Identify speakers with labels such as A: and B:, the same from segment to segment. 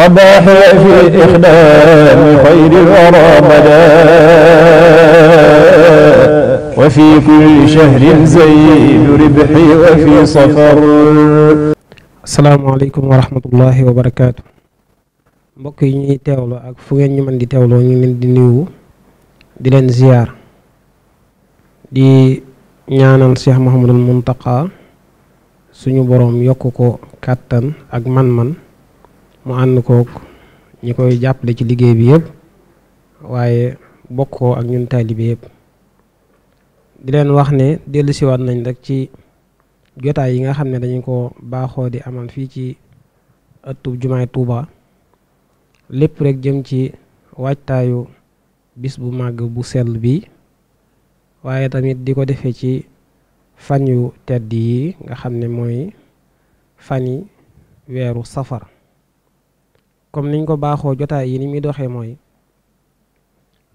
A: وضاحي في إخدام خير الورى بدا وفي كل شهر زيد ربحي وفي سفر
B: asalaamaaleykum wa rahmatullahi wa barakaatu mbokk yi ñuy teewloo ak fu ngeen ñu mën di teewloo ñu ngi leen di nuyu di leen ziyaar di ñaanal Cheikh Mouhamadul Mountakha suñu boroom yokk ko kàttan ak man-man mu ànd kook ñi koy jàppale ci liggéey bi yëpp waaye bokk ko ak ñun taalibe yëpp di leen wax ne dellusiwaat nañ rekk ci jotaay yi nga xam ne dañu ko baaxoo di amal fii ci ëttub jumaay tuuba lépp rekk jëm ci waajtaayu bis bu màgg bu sell bi waaye tamit di ko defee ci fan yu tedd yi nga xam ne mooy fani weeru safar comme niñ ko baaxoo jotaay yi ni muy doxee mooy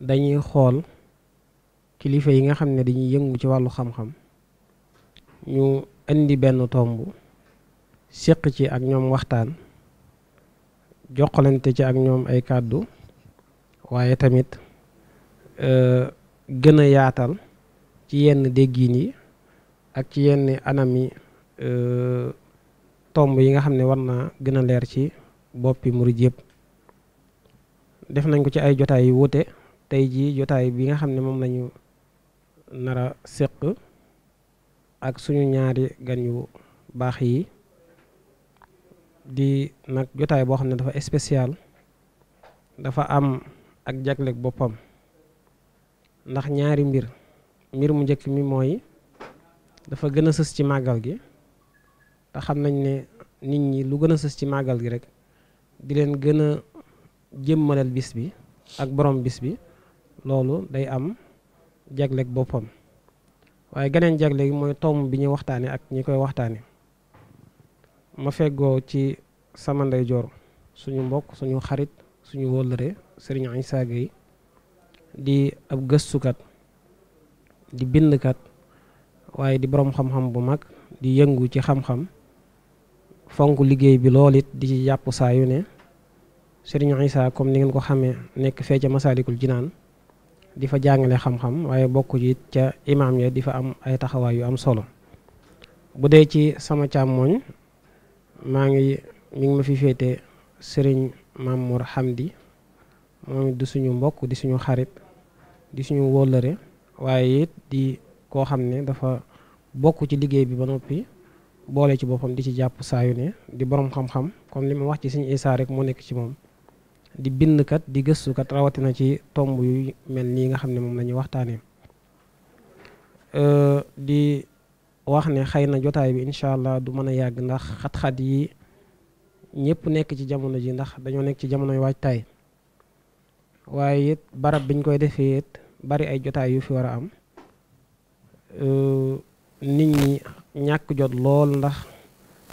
B: dañuy xool kilifa yi nga xam ne dañuy yëngu ci wàllu xam-xam ñu indi benn tomb séq ci ak ñoom waxtaan joxalante ci ak ñoom ay kàddu waaye tamit e, gën a yaatal ci yenn déggiin yi ak ci yenn anami e, tomb yi nga xam ne war naa gën a leer ci boppi murid yëpp def nañ ko ci ay jotaay yu wuute tey jii jotaay bi nga xam ne moom lañu nara séq ak suñu ñaari gan yu baax yi di nag jotaay boo xam ne dafa spécial dafa am ak jagleeg boppam ndax ñaari mbir mbir mu njëkk mi mooy dafa gën a sës ci màggal gi te xam nañ ne nit ñi lu gën a sës ci màggal gi rek di leen gën a jëmmaleel bis bi ak borom bis bi loolu day am jagleeg boppam waaye geneen jagle gi mooy tomb bi ñuy waxtaane ak ñi koy waxtaane ma feggoo ci sama ndeyjoor suñu mbokk suñu xarit suñu wóllëre sëriñ Issa Gueye di ab gëstukat di bindkat waaye di boroom xam-xam bu mag di yëngu ci xam-xam fonk liggéey bi lool it di ci jàpp saa yu ne Serigne Issa comme ni ngeen ko xamee nekk fee ca Masaalikul Jinaan di fa jàngale xam-xam waaye bokk ji ca imaam ya di fa am ay taxawaay yu am solo bu dee ci sama càmmooñ maa ngi mi ngi ma fi féete Serigne Mamour Hamdi moom it di suñu mbokk di suñu xarit di suñu wóllëre waaye it di koo xam ne dafa bokk ci liggéey bi ba noppi boole ci boppam di ci jàpp saayu ne di boroom xam-xam comme li ma wax ci Serigne Issa rek moo nekk ci moom di bindkat di gëstukat rawatina ci tomb yu mel nii nga xam ne moom lañuy ñuy waxtaanee euh, di wax ne xëy na jotaay bi incha allah du mën a yàgg ndax xat-xat yi ñëpp nekk ci jamono ji ndax dañoo nekk ci jamono yu waajtaay waaye it barab biñ koy defee it bari ay jotaay yu fi war a am euh, nit ñi ñàkk jot lool ndax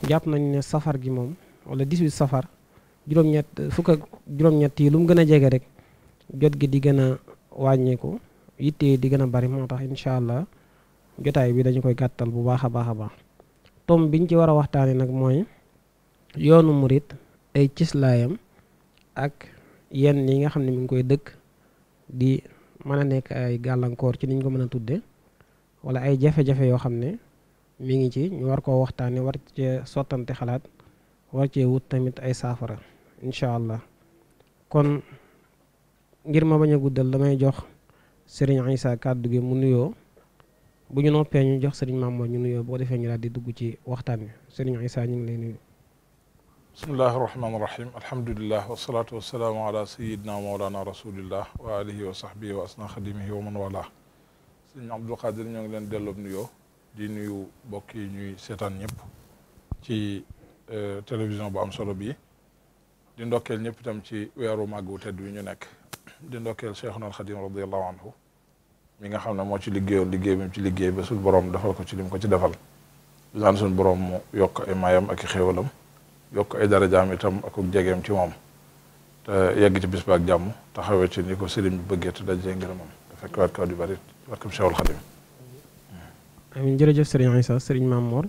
B: jàpp nañ ne safar gi moom wala 18 safar. juróom-ñett yi lu mu gën a jege rek jot gi di gën a wàññeeku yitte di gën a bari moo tax incha allah jotaay bi dañu koy gàttal bu baax a baax a baax tom biñ ci war a waxtaanee nag mooy yoonu murit ay cislaayam ak yenn yi nga xam ne mu ngi koy dëkk di mën a nekk ay gàllankoor ci niñ ko mën a tudde wala ay jafe-jafe yoo xam ne mi ngi ci ñu war koo waxtaanee war cee sottante xalaat war cee wut tamit ay saafara incha allah kon ngir ma bañ a guddal damay jox Serigne Issa kàddu gi mu nuyoo bu ñu noppee ñu jox Serigne Maam Mor ñu nuyoo boo defee ñu daal di dugg ci waxtaan wi Serigne Issa ñu ngi lay nuyu.
C: bismillahi rahmaani rahim alhamdulilah wasalaatu wasalaamu ala sayidina mawlana rasulillah wa alihi wa sahbihi wa asna xadimihi wa man wala sëñ Abdul Qadir ñoo ngi leen delloo nuyoo di nuyu mbokk yi ñuy seetaan ñëpp ci euh, télévision bu am solo bi di ndokkeel ñëpp itam ci weeru màggu tedd wi ñu nekk di ndokkeel Cheikhuna al Xadim radiallahu anhu mi nga xam ne moo ci liggéeyoon liggéey bi ci liggéey ba suñu borom defal ko ci lim ko ci defal di daan boroom borom mu yokk ay mayam ak i xéewalam yokk ay darajaam itam ak jegeem ci moom te yegg ci bis ba ak jàmm taxawee ci ni ko sëriñ bi bëggee te dajee ngërëmam dafa ko waat kaw di bari barkam Cheikhul Xadim
B: amiin jërëjëf sëriñ Issa sëriñ Maam Mor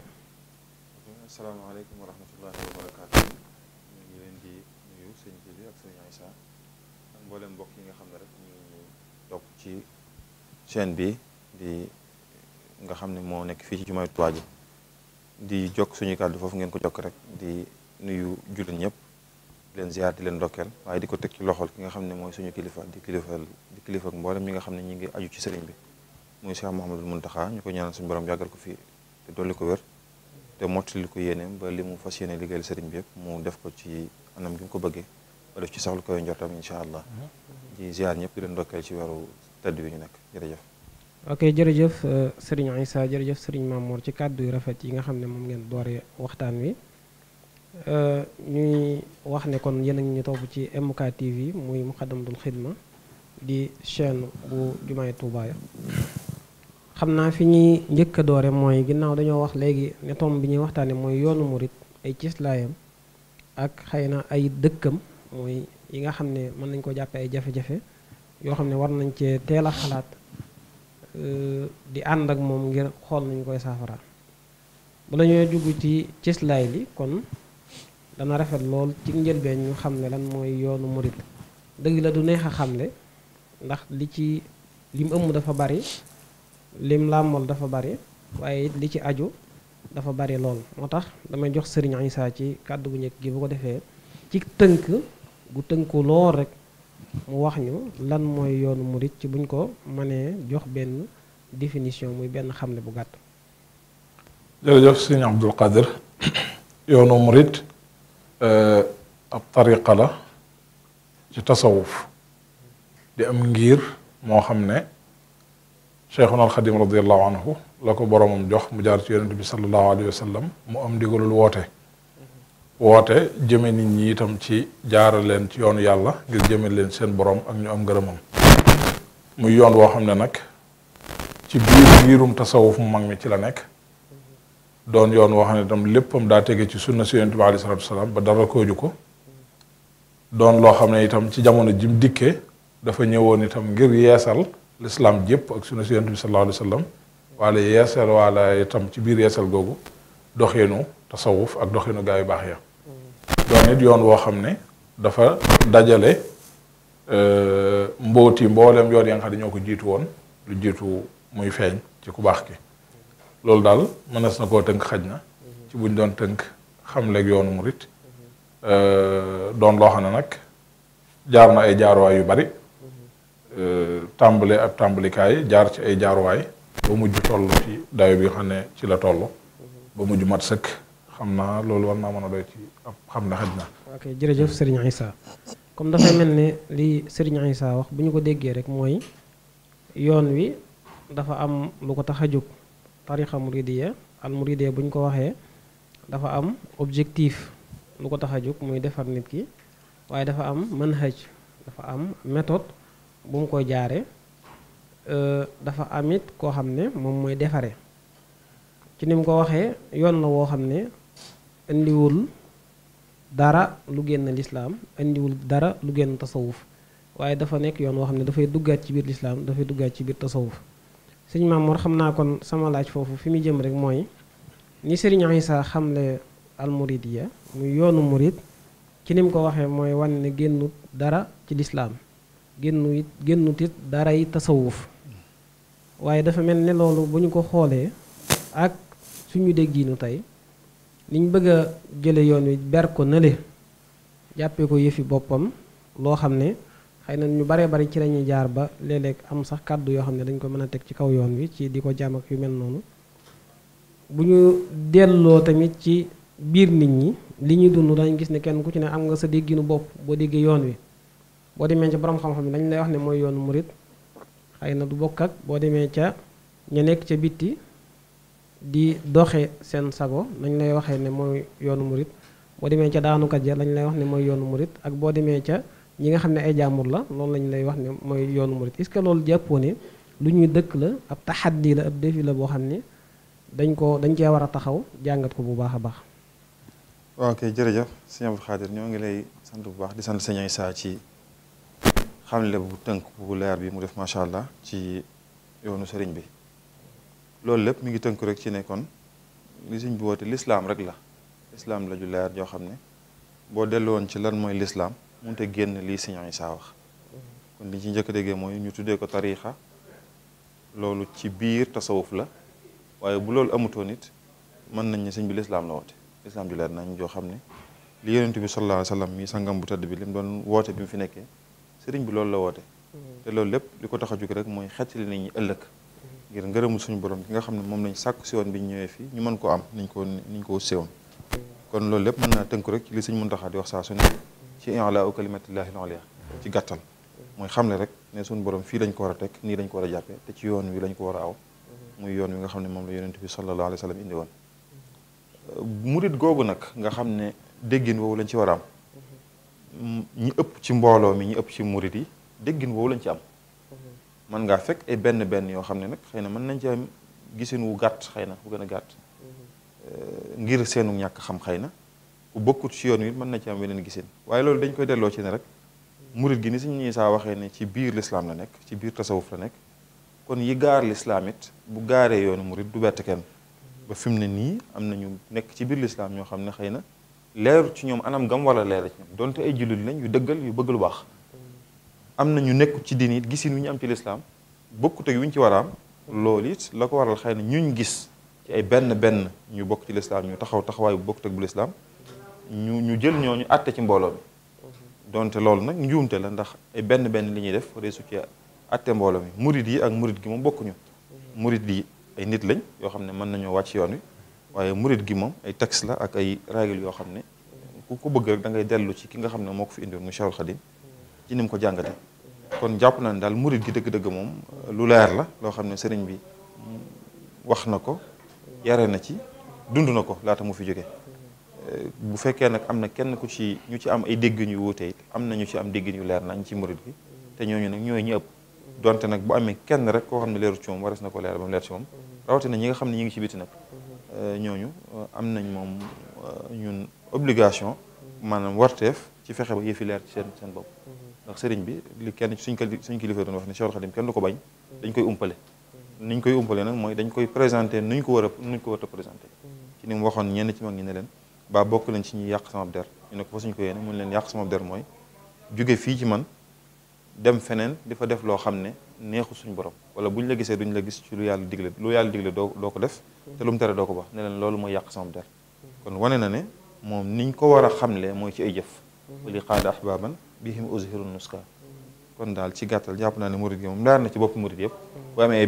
D: chaîne bi di nga xam ne moo nekk fii ci jumaay Tuubaa ji di jokk suñu kàddu foofu ngeen ko jokk rek di nuyu jullit ñëpp leen ziar di leen ndokkeel waaye di ko teg ci loxol ki nga xam ne mooy suñu kilifa di kilifa di kilifa ak mboolem ñi nga xam ne ñu ngi aju ci sëriñ bi muy Cheikh Mouhamadul Mountakha ñu ko ñaanal suñu borom yàggal ko fii te li ko wér te mottali ko yéeneem ba li mu fas yéene liggéeyal sëriñ bi yëpp mu def ko ci anam gi mu ko bëggee ba ci saxlu koy njortam incha allah mm-hmm. di ci weeru tedd bi nag jërëjëf.
B: ok jërëjëf euh, sëriñ Issa jërëjëf sëriñ Mamour ci kàddu yu rafet yi nga xam ne moom ngeen doore waxtaan wi euh, ñuy wax ne kon yéen a ngi ñu topp ci MK yi muy Muxaddamatul Xidma di chaîne bu jumaay Touba ya xam naa fi ñuy njëkk a doore mooy ginnaaw dañoo wax léegi ne bi ñuy waxtaanee mooy yoonu murit ay cislaayam ak xëy na ay dëkkam mooy yi nga xam ne mën nañ ko jàppe ay jafe-jafe yoo xam ne war nañ cee teel a xalaat euh, di ànd ak moom ngir xool nañu koy saafara bala ñoo dugg ci cislaay li kon dana rafet lool ci njëlbeen ñu xam ne lan mooy yoonu murit dëgg la du neex a xam ne ndax li ci lim ëmm dafa bari lim làmmool dafa bari waaye it li ci aju dafa bari lool moo tax damay jox sëriñ Isaa ci kàddu bu njëkk gi bu ko defee ci tënk gu tënku lool rek mu wax ñu lan mooy yoonu murit ci buñ ko mënee jox benn définition muy benn xam ne bu gàtt.
C: si sëñ Abdul Qadir yoonu murit euh, ab tariqa la ci tasawuf di am ngir moo xam ne Cheikhuna Alxadim radiallahu anhu la ko boromam jox mu jaar ci yonent bi sallallahu alayhi wa sallam mu am digalul woote. woote jëme nit ñi itam ci jaara leen ci yoonu yàlla ngir jëme leen seen boroom ak ñu am ngërëmam muy yoon woo xam ne nag ci biir biirum tasawuf mu mag mi ci la nekk doon yoon woo xam ne itam léppam daa tege ci sunna si yonent bi salaam ba dara ko doon loo xam ne itam ci jamono jim dikkee dafa ñëwoon itam ngir yeesal lislaam jépp ak sunna si yonent bi sallallahu alayhi wa sallam ci biir yeesal googu doxeenu tasawuf ak doxinu gaa yu baax ya doon it yoon woo xam ne dafa dajale euh, mbóoti mboolem yoon ya nga xam ne ñoo ko jiitu woon lu jiitu muy feeñ ci ku baax ki loolu daal mënees na koo tënk xaj na ci buñ doon tënk xam leeg yoonu murit euh, doon loo xam ne nag jaar na ay jaaruwaay yu bari euh, tàmbale ab tàmbalikaay jaar ci ay jaaruwaay ba mujj toll ci dayo bi xam ne ci la toll ba mujj mat sëkk xam naa loolu war naa mën a doy ci ab xam na xaj na.
B: ok jërëjëf Serigne Issa comme dafay mel ne lii Serigne Issa wax bu ñu ko déggee rek mooy yoon wi dafa am lu ko tax a jóg tarixa muridiya al muridiya bu ñu ko waxee dafa am objectif lu ko tax a jóg muy defar nit ki waaye dafa am mën xëcc dafa am méthode bu mu koy jaare euh, dafa amit koo xam ne moom mooy defaree ci ni mu ko waxee yoon la woo xam ne indiwul dara lu génn lislaam indiwul dara lu génn tasawuf waaye dafa nekk yoon woo xam ne dafay duggaat ci biir lislaam dafay duggaat ci biir tasawuf sëñ Maamoor xam naa kon sama laaj foofu fi mu jëm rek mooy ni sëriñ Isaa xamle almuridiya mu yoonu murid ci nim ko waxee mooy wane ne génnut dara ci lislaam génnu it génnut it dara yi tasawuf waaye dafa mel ne loolu bu ñu ko xoolee ak suñu déggiinu tey liñ bëgg a jële yoon wi ber ko nële jàppee ko yëfi boppam loo xam ne xëy na ñu baree bari ci lañuy jaar ba léeg-léeg am sax kàddu yoo xam ne dañ ko mën a teg ci kaw yoon wi ci di ko jaam ak yu mel noonu bu ñu delloo tamit ci biir nit ñi li ñuy dund dañ gis ne kenn ku ci ne am nga sa dégginu bopp boo déggee yoon wi boo demee ca borom xam-xam dañ lay wax ne mooy yoonu murit xëy na du bokk ak boo demee ca ña nekk ca bitti di doxe seen sago lañ lay waxe ne mooy yoonu murit boo demee ca daanukat ja lañu lay wax ne mooy yoonu murit ak boo demee ca ñi nga xam ne ay jàmbur la loolu lañ lay wax ne mooy yoonu murit est-ce que loolu jàppoo ne lu ñuy dëkk la ab taxaddi la ab défi la boo xam ne dañ ko dañ cee war a taxaw jàngat ko bu baax a baax
D: waaw kay jërëjëf sëñ Abdou Khadir ñoo ngi lay sant bu baax di sant sëñ saa ci xamle bu tënk bu leer bi mu def macha allah ci yoonu sëriñ bi loolu lépp mu ngi tënk rek ci nekkoon li sëñ bi woote lislaam rek la lislaam la ju leer joo xam ne boo delluwoon ci lan mooy lislaam mënut te génn lii sëñ Isaa wax kon li ci njëkk déggee mooy ñu tuddee ko tariixa loolu ci biir tasawuf la waaye bu loolu amutoon it mën nañ ne sëñ bi lislaam la woote lislaam ju leer nañ joo xam ne li yonent bi sallallahu alayhi wa sallam mi bu tëdd bi li mu doon woote bi mu fi nekkee sëriñ bi loolu la woote mm. te loolu lépp li ko tax a jóg rek mooy xettali nit ñi ëllëg ngir ngërëmu suñu borom ki nga xam ne moom lañ sàkku si woon bi ñu ñëwee fii ñu mën koo am niñ ko niñ ko séwoon kon loolu lépp mën naa tënk rek ci li suñ Muntaxa di wax saa su ne ci i'laa kalimatillahi al-ulya ci gàttal mooy xamle rek ne suñu borom fii lañ ko war a teg nii lañ ko war a jàppe te ci yoon wi lañ ko war a aw muy yoon wi nga xam ne moom la yonent bi sallallahu alayhi wa sallam indi woon murit googu nag nga xam ne déggin woowu lañ ci war a am ñi mi ñi ëpp ci murit yi déggin woowu lañ ci am mën ngaa fekk ay benn benn yoo xam ne nag xëy na mën nañ ci am gisin wu gàtt xëy na bu gën a gàtt mhm. ngir seenu ñàkk xam xëy na ku bokkut ci yoon wi mën na ci am weneen gisin waaye loolu dañ koy delloo ci ne rek murit gi ni suñ ñi saa waxee ne ci biir lislaam la nekk ci biir tasawuf la nekk kon yi gaar lislaamit bu gaaree yoonu murit du bett kenn mhm. ba fi mu ne nii am nañu nekk ci biir lislaam ñoo xam ne xëy na leeru ci ñoom anam gam wala leer ci ñoom donte ay jullit lañ dëggal yu bëgg lu baax am na ñu nekk ci diin it gisin wi ñu am ci lislaam bokkut ak yu ñu ci war a am loolu it la ko waral xëy na ñu gis ci ay benn benn ñu bokk ci lislaam ñu taxaw taxawaay bu bokkute ak bu lislaam ñu ñu jël ñooñu àtte ci mbooloo mi donte loolu nag njuumte la ndax ay benn benn li ñuy def reesu ci àtte mbooloo mi murid yi ak murid gi moom bokkuñu murid yi ay nit lañ yoo xam ne mën nañoo wàcc yoon wi waaye murid gi moom ay texte la ak ay règle yoo xam ne ku ko bëgg ngay dellu ci ki nga xam ne moo ko fi indiwoon mu Cheikhul ci ko jàngate kon jàpp na ne daal murit gi dëgg-dëgg moom lu leer la loo xam ne sëriñ bi wax na ko yare na ci dund na ko laata mu fi jóge eh, bu fekkee nag am na kenn ku ci ñu ci am ay déggin yu wuute am na ñu ci am déggin yu leer nañ ci murit gi te ñooñu nag ñooy ñu donte nag bu amee kenn rek koo xam ne leerut ci na ko leer ba mu leer ci moom xam ne ñi ngi ci biti nag eh, ñooñu eh, am nañ moom ñun obligation maanaam warteef ci fexe ba yi fi leer ci seen seen bopp ndax sëriñ bi li kenn suñ suñ kilifa doon wax ne Cheikhul Khadim kenn du ko bañ dañ koy umpale mm-hmm. niñ koy umpale nag mooy dañ koy présenté nuñ ko war ko war a mm-hmm. ni mu waxoon ñenn ci mag ñi ne leen baa bokk lañ ci ñuy yàq sama der ñu ne ko fa suñ ko yéene mun leen yàq sama der fii ci man dem feneen di fa def loo xam ne neexu suñ borom wala buñ la gisee duñ la gis ci lu yàlla digle lu yàlla digle doo doo ko def doo ko baax ne leen loolu mooy yàq sama der mm-hmm. kon wane na ne moom niñ ko war a xamlee mooy ci ay jëf wali qaada ahbaban bihim uzhiru nuska kon daal ci gàttal jàpp naa ne murid gi moom leer na ci bopp murid yëpp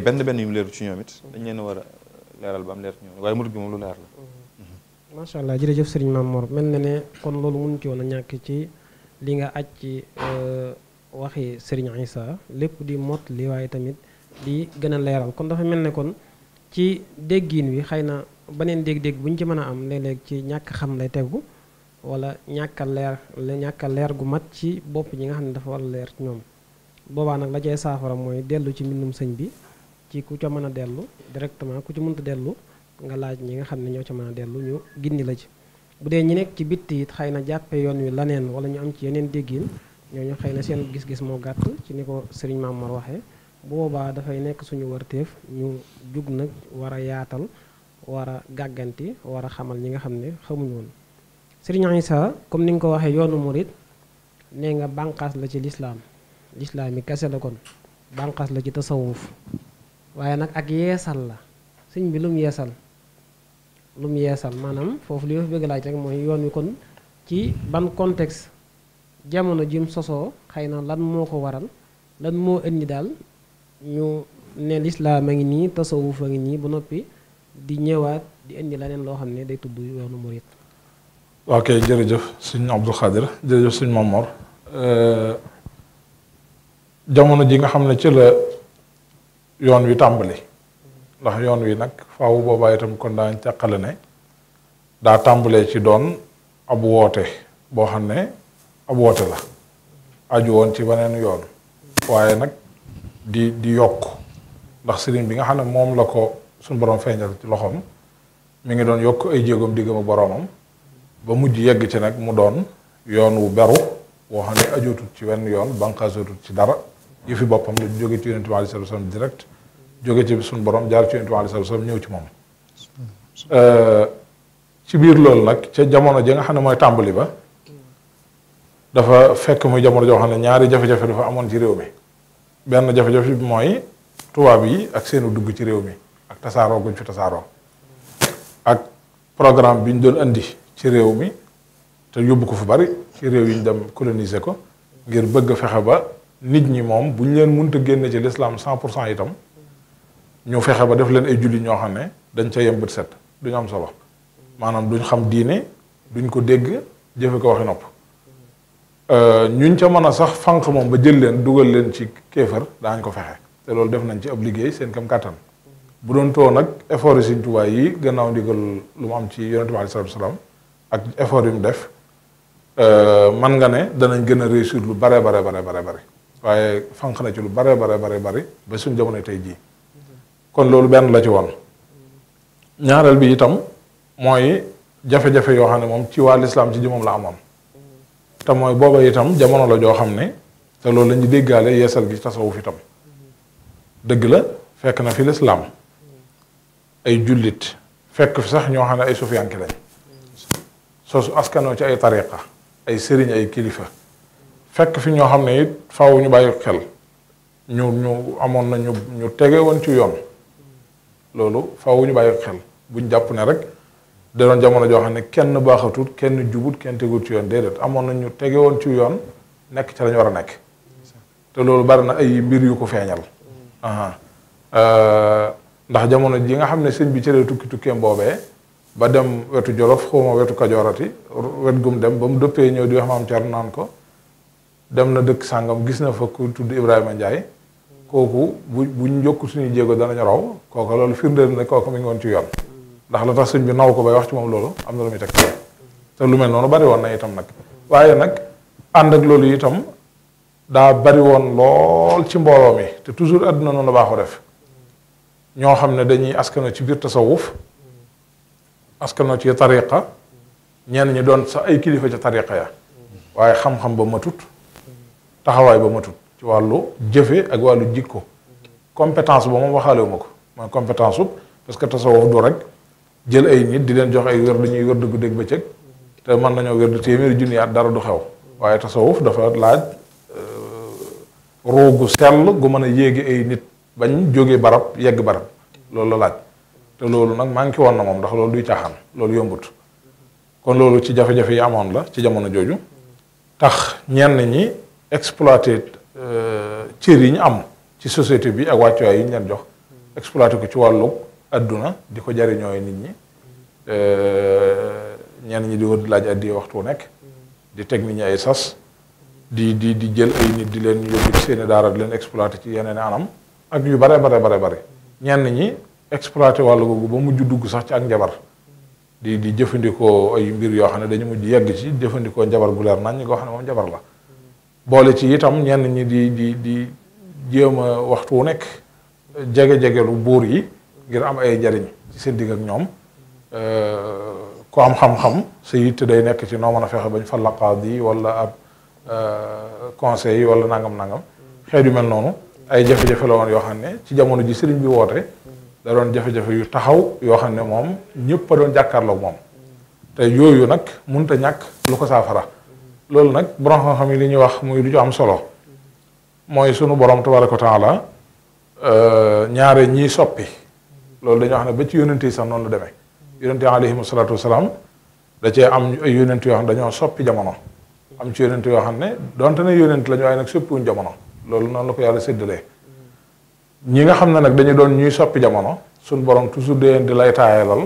D: benn benn a leeral ba am leer ci ñoom waaye murid gi moom lu leer la
B: mhm. macha allah jërëjëf sëriñ Maam Mor mel na ne kon loolu mun ci woon a ñàkk ci li nga aj ci euh, waxi sëriñ Issa lépp di mot li waaye tamit di gën a leeral kon dafa mel ne kon ci déggin wi xëy na beneen dégg-dégg bu ñu ci mën a am léeg-léeg ci ñàkk xam lay tegu wala ñàkk a leer ñàkk leer gu mat ci bopp ñi nga xam ne dafa war a leer ñoom boobaa nag la cay saafara mooy dellu ci mbindum sëñ bi ci ku ca mën a dellu directement ku ci mënta dellu nga laaj ñi nga xam ne ñoo ca mën a dellu ñu gindi la ci bu dee ñi nekk ci bitti it xëy na jàppe yoon wi laneen wala ñu am ci yeneen déggin ñoo ñu xëy na seen gis-gis moo gàtt ci ni ko sëriñ Mamor waxee boobaa dafay nekk suñu warteef ñu jug nag war a yaatal war a gàgganti war a xamal ñi nga xam ne xamuñu woon Sëriñ Issa comme ni nga ko waxee yoonu morit nee nga bànqaas la ci lislaam lislaam yi kese la kon bànqaas la ci tasawuf waaye nag ak yeesal la sëñ bi lum yeesal lum yeesal maanaam foofu li ma fi bëgg laaj rek mooy yoon wi kon ci ban contexte jamono jim sosoo xëy na lan moo ko waral lan moo indi daal ñu ne lislaam a ngi nii tasawuf a ngi nii ba noppi di ñëwaat di indi leneen loo xam ne day tudd yoonu murit
C: waaw kay jërëjëf suñ Abdou Khadir jërëjëf suñ Mamor euh, jamono ji nga xam ne ci yoon wi tàmbali ndax yoon wi nag faaw boobaa itam kon daañ càqale ne daa tàmbalee ci doon ab woote boo xam ne ab woote la aju woon ci beneen yoon waaye nag di di yokk ndax sëriñ bi nga xam ne moom la ko suñ borom feeñal ci loxoom mu ngi doon yokk ay jéegoom diggam ak boromam ba mujj yegg ci nag mu doon yoon wu beru woo xam ne ajootut ci wenn yoon banqaasootul ci dara yi fi boppam la jóge ci yonent bi aleyhi salaatu wa salaam suñu borom jaar ci yonent bi aleyhi salaatu wa salaam ñëw ci moom euh, ci biir loolu nag ca jamono ji nga xam ne mooy tàmbali ba dafa fekk muy jamono joo xam ne ñaari jafe dafa amoon ci réew benn jafe mooy tubaab yi ak seenu dugg ci réew mi ak tasaaroo guñ fi tasaaroo ak programme bi ñu doon indi ci réew mi te yóbbu ko fu bari ci réew yi dem coloniser ko ngir bëgg fexe ba nit ñi moom bu ñu leen mënta génne ci lislaam cent pour cent itam ñu fexe ba def leen ay julli ñoo xam ne dañ ca yem bët set duñ am solo maanaam duñ xam diine duñ ko dégg jëfe ko waxi nopp euh, ñuñ ca mën a sax fànq moom ba jël leen dugal leen ci daa ñu ko fexe te loolu def nañ ci ab liggéey seen kam kàttan bu doon too nag effort yi Sëriñ Tuubaa yi gannaaw ndigal lu mu am ci yonent bi aleyhi salaatu wa ak effort yu mu def euh, man nga ne danañ gën a réussir lu bare bare bare bare bare waaye fànq na ci lu bare bare bare bare ba suñ jamono tey jii kon loolu benn la ci woon ñaareel bi itam mooy jafe-jafe yoo xam ne moom ci waa lislaam ci jëmam la amoon te mooy booba itam jamono la joo xam ne te loolu la ñu déggaale yeesal gi tasawuf itam dëgg la fekk na fi lislaam ay jullit fekk fi sax ñoo xam ne ay sufiyanki lañ sosu askanoo ci ay tariqa ay sëriñ ay kilifa fekk fi ñoo xam ne it faaw ñu bàyyi xel ñu ñu amoon na ñu ñu tege woon ci yoon loolu faaw ñu bàyyi xel buñ jàpp ne rek da jamono joo xam ne kenn baaxatul kenn jubut kenn ci yoon déedéet amoon na ñu tege woon ci yoon nekk ca lañu war a nekk loolu bari na ay mbir yu ko feeñal euh, ndax jamono ji nga xam ne sëñ bi cëree tukki tukkeem boobee ba dem wetu jolof xawma wetu kajoorati wet gum dem ba mu dëppee ñëw di wax maam Thierno naan ko dem na dëkk sàngam gis na fa ku tudd Ibrahima Ndiaye kooku bu buñ yokk suñuy jéego danañu raw kooka loolu firndeel na kooka mi ngi woon ci yoon ndax la tax sëñ bi naw ko bay wax ci moom loolu am na lu muy teg te lu mel noonu bari woon na itam nag waaye nag ànd ak loolu itam daa bari woon lool ci mbooloo mi te toujours àdduna noonu baaxoo def ñoo xam ne dañuy askano ci biir tasawuf noo ci tariqa ñenn ñi doon sax ay kilifa ca tariqa ya waaye xam-xam ba matut taxawaay ba matut ci wàllu jëfe ak wàllu ko compétence ba moom waxaalewuma ko mooy compétence ub parce que tasawuf du rek jël ay nit di leen jox ay wér dañuy wér dugg dégg bëccëg te mën nañoo wér di téeméeri junni at dara du xew waaye tasawuf dafa laaj euh, roogu sell gu mën a yéegi ay nit bañ jóge barab yegg barab loolu la laaj te loolu nag manqué woon na moom ndax loolu duy caaxaan loolu yombut kon loolu ci jafe-jafe yi amoon la ci jamono jooju tax ñenn ñi exploité euh, cër yi ñu am ci société bi ak wàccuwaay yi ñu leen jox exploité ko ci wàllu adduna di ko jariñooy nit ñi euh, ñenn ñi di wër di laaj di waxtu nekk di teg nit ñi ay sas di di di jël ay nit di leen yóbbu seeni daara di leen exploité ci yeneen anam ak yu bare bare bare bare ñenn ñi exploité wàll googu ba mujj dugg sax ci ak njabar di di jëfandikoo ay mbir yoo xam ne dañu mujj yegg ci jëfandikoo njabar gu leer nañ ñi koo xam ne moom njabar la boole ci itam ñenn ñi di di di jéem a waxtu wu nekk jege-jegelu buur yi ngir am ay njariñ ci seen digg ak ñoom euh, ku am xam-xam sa yitte day nekk ci noo mën a fexe bañ fa laqaat walla ab euh, conseil yi wala nangam-nangam xeet yu mel noonu ay jafe-jafe la woon yoo xam ne ci jamono ji sëriñ bi woote da doon jafe-jafe yu taxaw yoo xam ne moom ñëpp a doon jàkkaarloog moom te yooyu nag mënut a ñàkk lu ko saafara loolu nag borom xam-xam yi li ñuy wax muy lu ñu am solo mooy sunu borom tabaraka taala euh, ñaare ñiy soppi loolu dañoo xam ne ba ci yonent yi sax noonu la demee yonent yi alayhim da cee am ay yonent yoo xam ne dañoo soppi jamono am ci yonent yoo xam ne donte ne yonent la ñu waaye nag soppiwuñ jamono loolu noonu la ko yàlla séddalee ñi nga xam ne nag dañu doon ñuy soppi jamono suñ borom toujours di leen di lay taayalal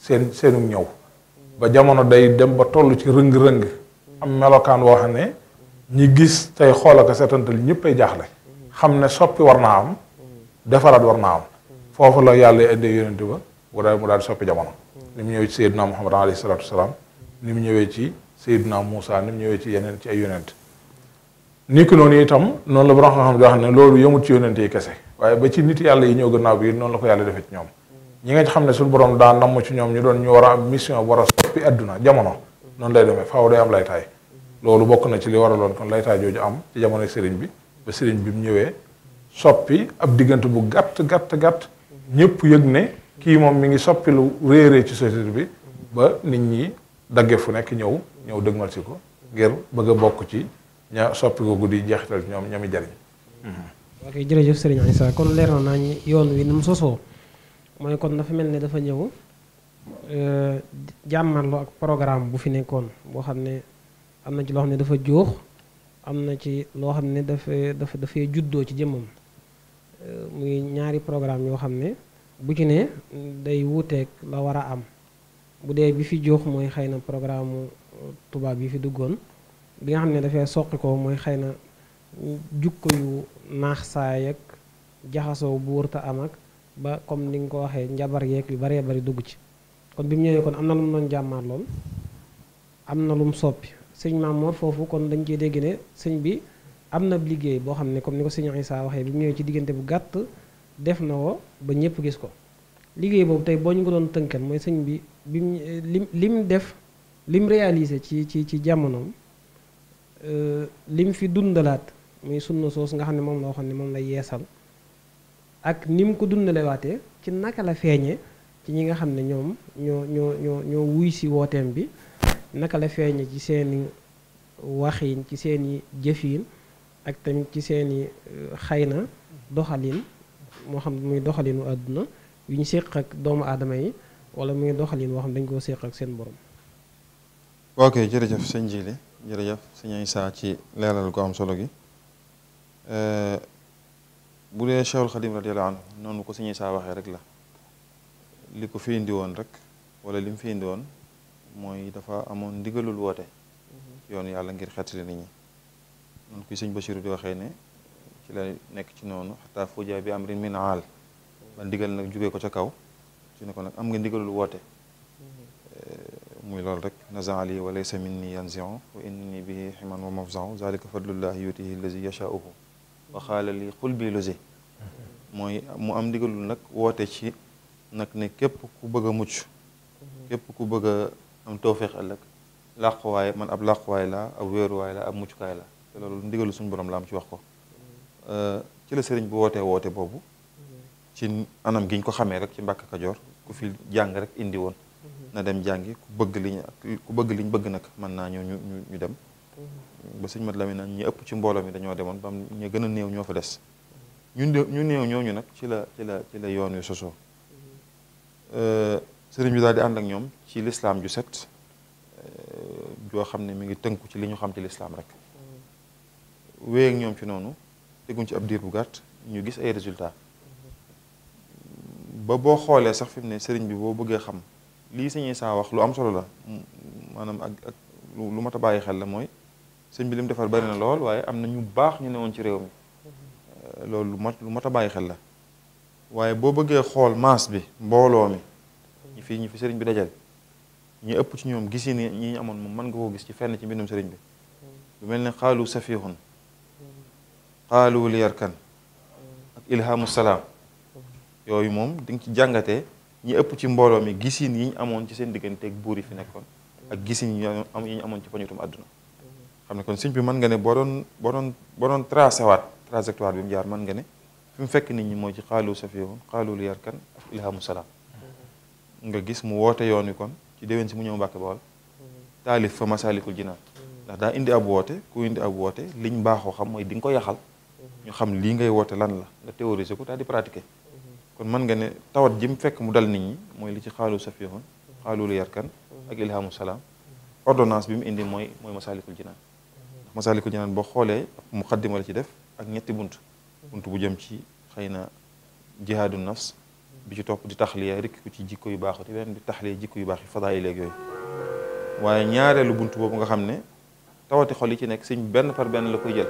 C: seen seenu ñëw ba jamono day dem ba toll ci rëng-rëng am melokaan woo xam ne ñi gis tey xool ak setantal ñëpp ay jaaxle xam ne soppi war naa am defaraat war naa am foofu la yàlla indee yonente ba mu daal mu soppi jamono ni mu ñëwee ci Seydina Muhammad alayhi salaatu wasalaam ni mu ñëwee ci Seydina Muusa ni mu ñëwee ci yeneen ci ay yonent ni ki noonu itam noonu la borom xam-xam ne loolu yëmut ci yonente kese waaye ba ci nit yàlla yi ñëw gannaaw bi noonu la ko yàlla defee ci ñoom ñi nga xam ne suñu borom daa namm ci ñoom ñu doon ñu war a mission war a soppi adduna jamono noonu lay demee faaw day am laytaay loolu bokk na ci li waraloon kon laytaay jooju am ci jamono sëriñ bi ba sëriñ bi mu ñëwee soppi ab diggante bu gàtt gàtt gàtt ñëpp yëg ne kii moom mi ngi soppi lu réeree ci société bi ba nit ñi dagge fu nekk ñëw ñëw dëgmal si ko ngir bëgg a bokk ci ña soppi ko guddi jeexital ci ñoom ñami jariñ
B: ok jërëjëf Serigne Issa kon leer na nañ yoon wi ni mu sosoo mooy kon dafa mel ni dafa ñëw euh, jàmmarloo ak programme bu fi nekkoon boo xam ne am na ci loo xam ne dafa jóox am na ci loo xam ne dafa dafa dafay juddoo ci jëmmam euh, muy ñaari programme yoo xam ne bu ci ne day wuuteeg la war a am bu dee bi fi joox mooy xëy na programme tubaab yi fi duggoon bi nga xam ne dafay soqi ko mooy xëy na jukko yu naax saay ak jaxasoo bu wërta am ak ba comme ni nga ko waxee njabar yeek yu baree bari dugg ci kon bi mu ñëwee kon am na lu mu doon jàmmaar lool am na lu mu soppi sëñ Mamoor foofu kon dañ cee dégg ne sëñ bi am na liggéey boo xam ne comme ni ko sëñ Isaa waxee bi mu ñëwee ci diggante bu gàtt def na ko ba ñëpp gis ko liggéey boobu tey boo ñu ko doon tënkal mooy sëñ bi bi mu lim lim def lim réalisé ci ci ci jamonoom euh, lim fi dundalaat muy sunna soos nga xam ne moom la waxoon ne moom lay yeesal ak ni mu ko dundalewaatee ci naka la feeñee ci ñi nga xam ne ñoom ñoo ñoo ñoo ñoo si wooteem bi naka la feeñe ci seeni waxiin ci seeni jëfin ak tamit ci seeni euh, xay na doxalin moo xam muy doxalinu àdduna yu ñu séq ak doomu aadama yi wala muy doxalin woo xam dañ koo séq ak seen borom
D: ok jërëjëf sëñ Jili jërëjëf sëñ Isaa ci leeral gu am solo gi Eh, bu dee Cheikhul Xadim radiyallahu anhu noonu ko sëñ saa waxee rek la li ko fi indi woon rek wala li mu fi indi woon mooy dafa amoon ndigalul woote mhm. yoon yàlla ngir xettali nit ñi noonu kuy sëñ Bachir di waxee ne ci la nekk ci noonu xataa fuja bi am rin min ba ndigal nag jugee ko ca kaw ci ne ko nag am nga ndigalul woote eh, muy loolu rek nazan yi wa laysa minni yanzion wa inni bi ximan wa mafzan zalika fadlullahi yutihi allazi yashauhu waxaala li xul bi lose mooy mu am ndigalul nag woote ci nag ni képp ku bëgg mucc képp ku bëgg a am tawféex ëllëg làquwaay man ab làquwaay laa ab wéeruwaay la ab muccukaay la te loolu ndigalu suñu borom laa am ci wax ko ci la sëriñ bu wootee woote boobu ci anam gi ñu ko xamee rek ci Mbàkke Kajoor ku fi jàng rek indi woon na dem jàngi ku bëgg liñ ku bëgg liñ bëgg nag mën naa ñu ñu ñu dem ba sëñ Mat Lamin na ñu ëpp ci mbooloo mi dañoo demoon ba ñu gën a néew ñoo fa des ñu ñu néew ñooñu nag ci la ci la ci la yoon wi sosoo euh, sëriñ bi daal di ànd ak ñoom ci lislaam ju set euh, joo xam ne mu ngi tënku ci li ñu xam ci lislaam rek wéy ñoom ci noonu teguñ ci ab diir bu gàtt ñu gis ay résultats ba boo xoolee sax fi mu ne sëriñ bi boo bëggee xam lii sañuy saa wax lu am solo la maanaam ak lu mat a bàyyi xel la mooy sëñ bi lim defar bari na lool waaye am na ñu baax ñu ne woon ci réew mi euh, loolu lu mat lu mot a bàyyi xel la waaye boo bëggee xool maas bi mbooloo mi ñi fi ñu fi sëriñ bi dajal ñu ëpp ci ñoom gisi ni ñi amoon moom mën nga koo gis ci fenn ci mbindum sëriñ bi lu mel ne xaalu safihun xaalu liyarkan ak ilhamu salaam yooyu moom di nga ci jàngatee ñu ëpp ci mbooloo mi gisin yi ñu amoon ci seen digganteeg buur yi fi nekkoon ak gisin yi ñu amoon ci pañutum àdduna xam ne kon sëñ bi mën nga ne boo doon boo doon waat trajectoire bi mu jaar man nga ne fi mu fekk nit ñi mooy ci xaalu safihun xaalu li yarkan ilhamu salaam nga gis mu woote yoon wi kon ci déwén si mu ñëw Mbàkke Bawol taalif fa masaalikul jinaan ndax daa indi woote ku indi ab woote liñ baaxoo xam mooy di nga ko yaxal ñu xam lii ngay woote lan la nga théoriser ko daal di kon mën nga ne tawat ji mu fekk mu dal nit ñi mooy li ci xaalu safihun xaalu li yarkan ak ilhamu salaam ordonnance bi mu indi mooy mooy masaalikul jinaan Masaalikul Jinaan boo xoolee muqaddima la ci def ak ñetti bunt bunt bu jëm ci xëy na jihaadu nafs bi ci topp di taxliya rikk ci jikko yu baaxut yi beneen bi taxliya jikko yu baax yi fadaayil ak yooyu waaye ñaareelu bunt boobu nga xam ne tawati xol yi ci nekk sëñ benn par benn la koy jël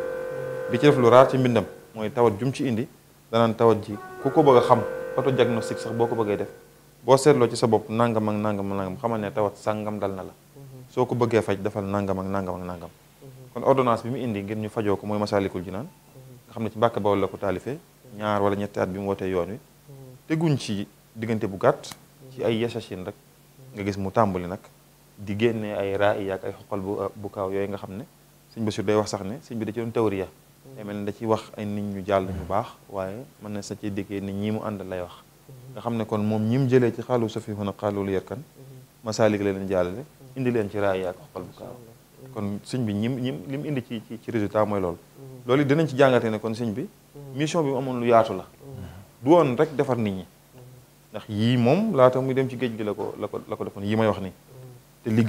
D: di ci def lu raar ci mbindam mooy tawat jum ci indi danaan tawat ji ku ko bëgg a xam auto diagnostic sax boo ko bëggee def boo seetloo ci sa bopp nangam ak nangam ak nangam xamal ne tawat sàngam dal na la mhm. ko bëggee faj defal nangam ak nangam nangam kon ordonnance bi mu indi ngir ñu fajoo ko mooy Masaalikul Jinaan nga xam ne ci Mbàkke Bawol la ko taalifee ñaar wala ñetti at bi mu wootee yoon wi teguñ ci diggante bu gàtt ci ay yasashin rek nga gis mu tàmbali nag di génne ay raa yi ak ay xoqal bu bu kaaw yooyu nga xam ne sëñ Basiru day wax sax ne sëñ bi da ci doon tawriya day mel ne da ciy wax ay nit ñu jàll ñu baax waaye mën na sa ci déggee nit ñi mu ànd lay wax nga xam ne kon moom ñi mu jëlee ci xaalu safi hun a xaalulu yerkan masaalik la leen jàllale leen ci raa yi kon sëñ bi ñim ñim li mu indi ci ci résultat mooy loolu loolu dinañ ci jàngate ne kon sëñ bi mission bi mu amoon lu yaatu la du woon rek defar nit ñi ndax yii moom laata muy dem ci géej gi la ko la la ko defoon yii may wax nii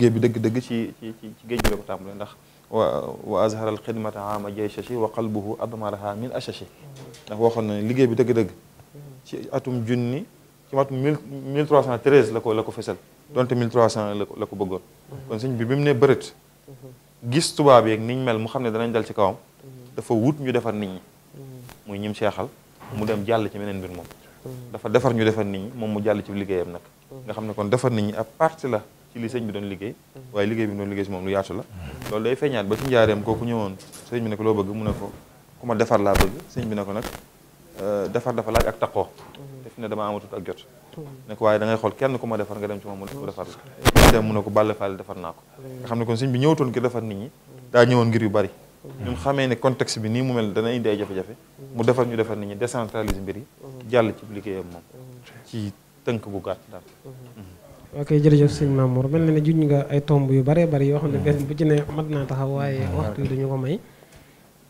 D: bi dëgg-dëgg ci ci ci géej gi la ndax wa azharal xidmata a jaysashi wa qalbuhu admaraha min ashashi ndax waxoon na liggéey bi dëgg-dëgg ci atum junni ci atum mille trois cent treize la ko la ko mille trois cent la ko la ko bëggoon kon sëñ bi bi ne bërët gis tubaab yeeg niñ mel mu xam ne danañ dal ci kawam dafa wut ñu defar nit ñi muy ñim seexal mu dem jàll ci meneen mbir moom dafa defar ñu defar nit ñi moom mu jàll ci liggéeyam nag nga xam ne kon defar nit ñi ab partie la ci li sëñ bi doon liggéey waaye liggéey bi mu doon liggéey si moom lu yaatu la loolu day feeñaat ba ci njaareem kooku ñëwoon sëñ bi ne ko loo bëgg mu ne ko ku ma defar laa bëgg sëñ bi ne ko nag defar dafa laaj ak taqoo def ne dama amatut ak jot ne ko waaye da xool kenn ku ma defar nga dem ci moom mu defar la dem a ne ko Balla Fall defar naa ko nga xam ne kon sëñ bi ñëwatoon ngir defar nit ñi daa ñëwoon ngir yu bari ñun xamee ne contexte bi nii mu mel dana indi ay jafe-jafe mu defar ñu defar nit ñi décentralise mbir yi jàll ci liggéeyam moom ci tënk bu gàtt daal mhm.
B: ok jërëjëf sëñ Mamour mel na ne juñ nga ay tomb yu baree bari yoo xam ne mhm. benn bu ci ne mat naa taxaw waaye mhm. waxtu yi duñu ko may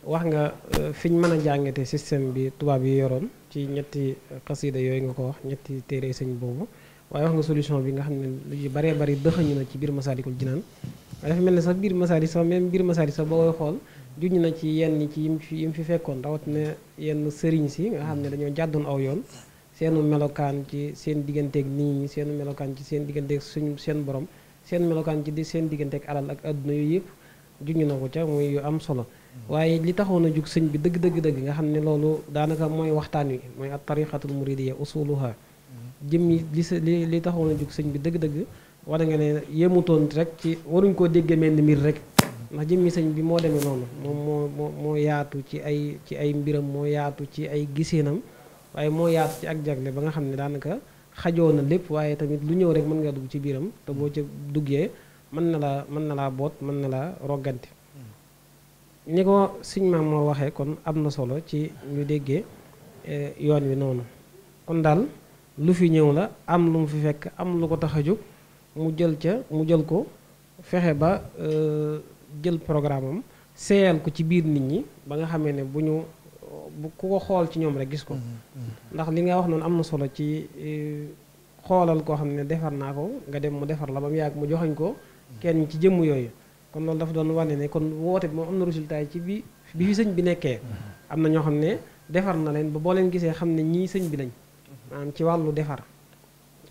B: wax nga euh, fi ñu mën a jàngate système bi tubaab yi yoroon ci ñetti euh, xasida yooyu nga ko wax ñetti téere sëñ boobu waaye wax nga solution bi nga xam ne lu ci baree bari dëxañu na ci biir Masaalikul Jinaan waaye dafa mel ne sax biir Masaalik sax même biir Masaalik sax boo xool juñ na ci yenn ci yim fi yim fi fekkoon rawatina yenn sëriñ si nga dañoo jàddoon aw yoon seenu melokaan ci seen digganteeg nit ñi seenu melokaan ci seen digganteeg suñu seen borom seen melokaan ci di seen digganteeg alal ak àdduna yooyu yëpp juñ na ko ca muy yu am solo waaye li taxoon a jug sëñ bi dëgg dëgg dëgg nga xam ne loolu daanaka mooy waxtaan wi mooy at tariqatul muridiya usuluha jëm li sa li li taxoon a jug sëñ bi dëgg dëgg war nga ne yemutoon rek ci waruñ koo déggee mel ni mbir rek ndax jëmmi sëñ bi moo demee noonu moom moo moo moo yaatu ci ay ci ay mbiram moo yaatu ci ay gisinam waaye moo yaatu ci ak jagle ba nga xam ne daanaka xajoo na lépp waaye tamit lu ñëw rek mën ngaa dugg ci biiram te boo ca duggee mën na laa mën na laa boot mën na laa roggante ni ko suñ maam moo waxee kon am na solo ci ñu déggee eh, yoon wi noonu kon daal lu fi ñëw la am lu mu fi fekk am lu ko tax a jóg mu jël ca mu jël ko fexe ba eh, jël programme am seeyal ko ci biir nit ñi ba nga xamee ne bu ñu bu ku ko xool ci ñoom rek gis ko mm-hmm, mm-hmm. ndax li nga wax noonu am na solo ci eh, xoolal koo xam ne defar naa ko nga dem mu defar la ba mu yàgg mu joxañ ko kenn ci jëmm yooyu kon loolu dafa doon wane ne kon woote bi moom am na résultat ci bi bi fi sëñ bi nekkee mm-hmm. am na ñoo xam ne defar na leen ba boo leen gisee xam ne ñii sëñ bi lañ mm-hmm. maanaam ci wàllu defar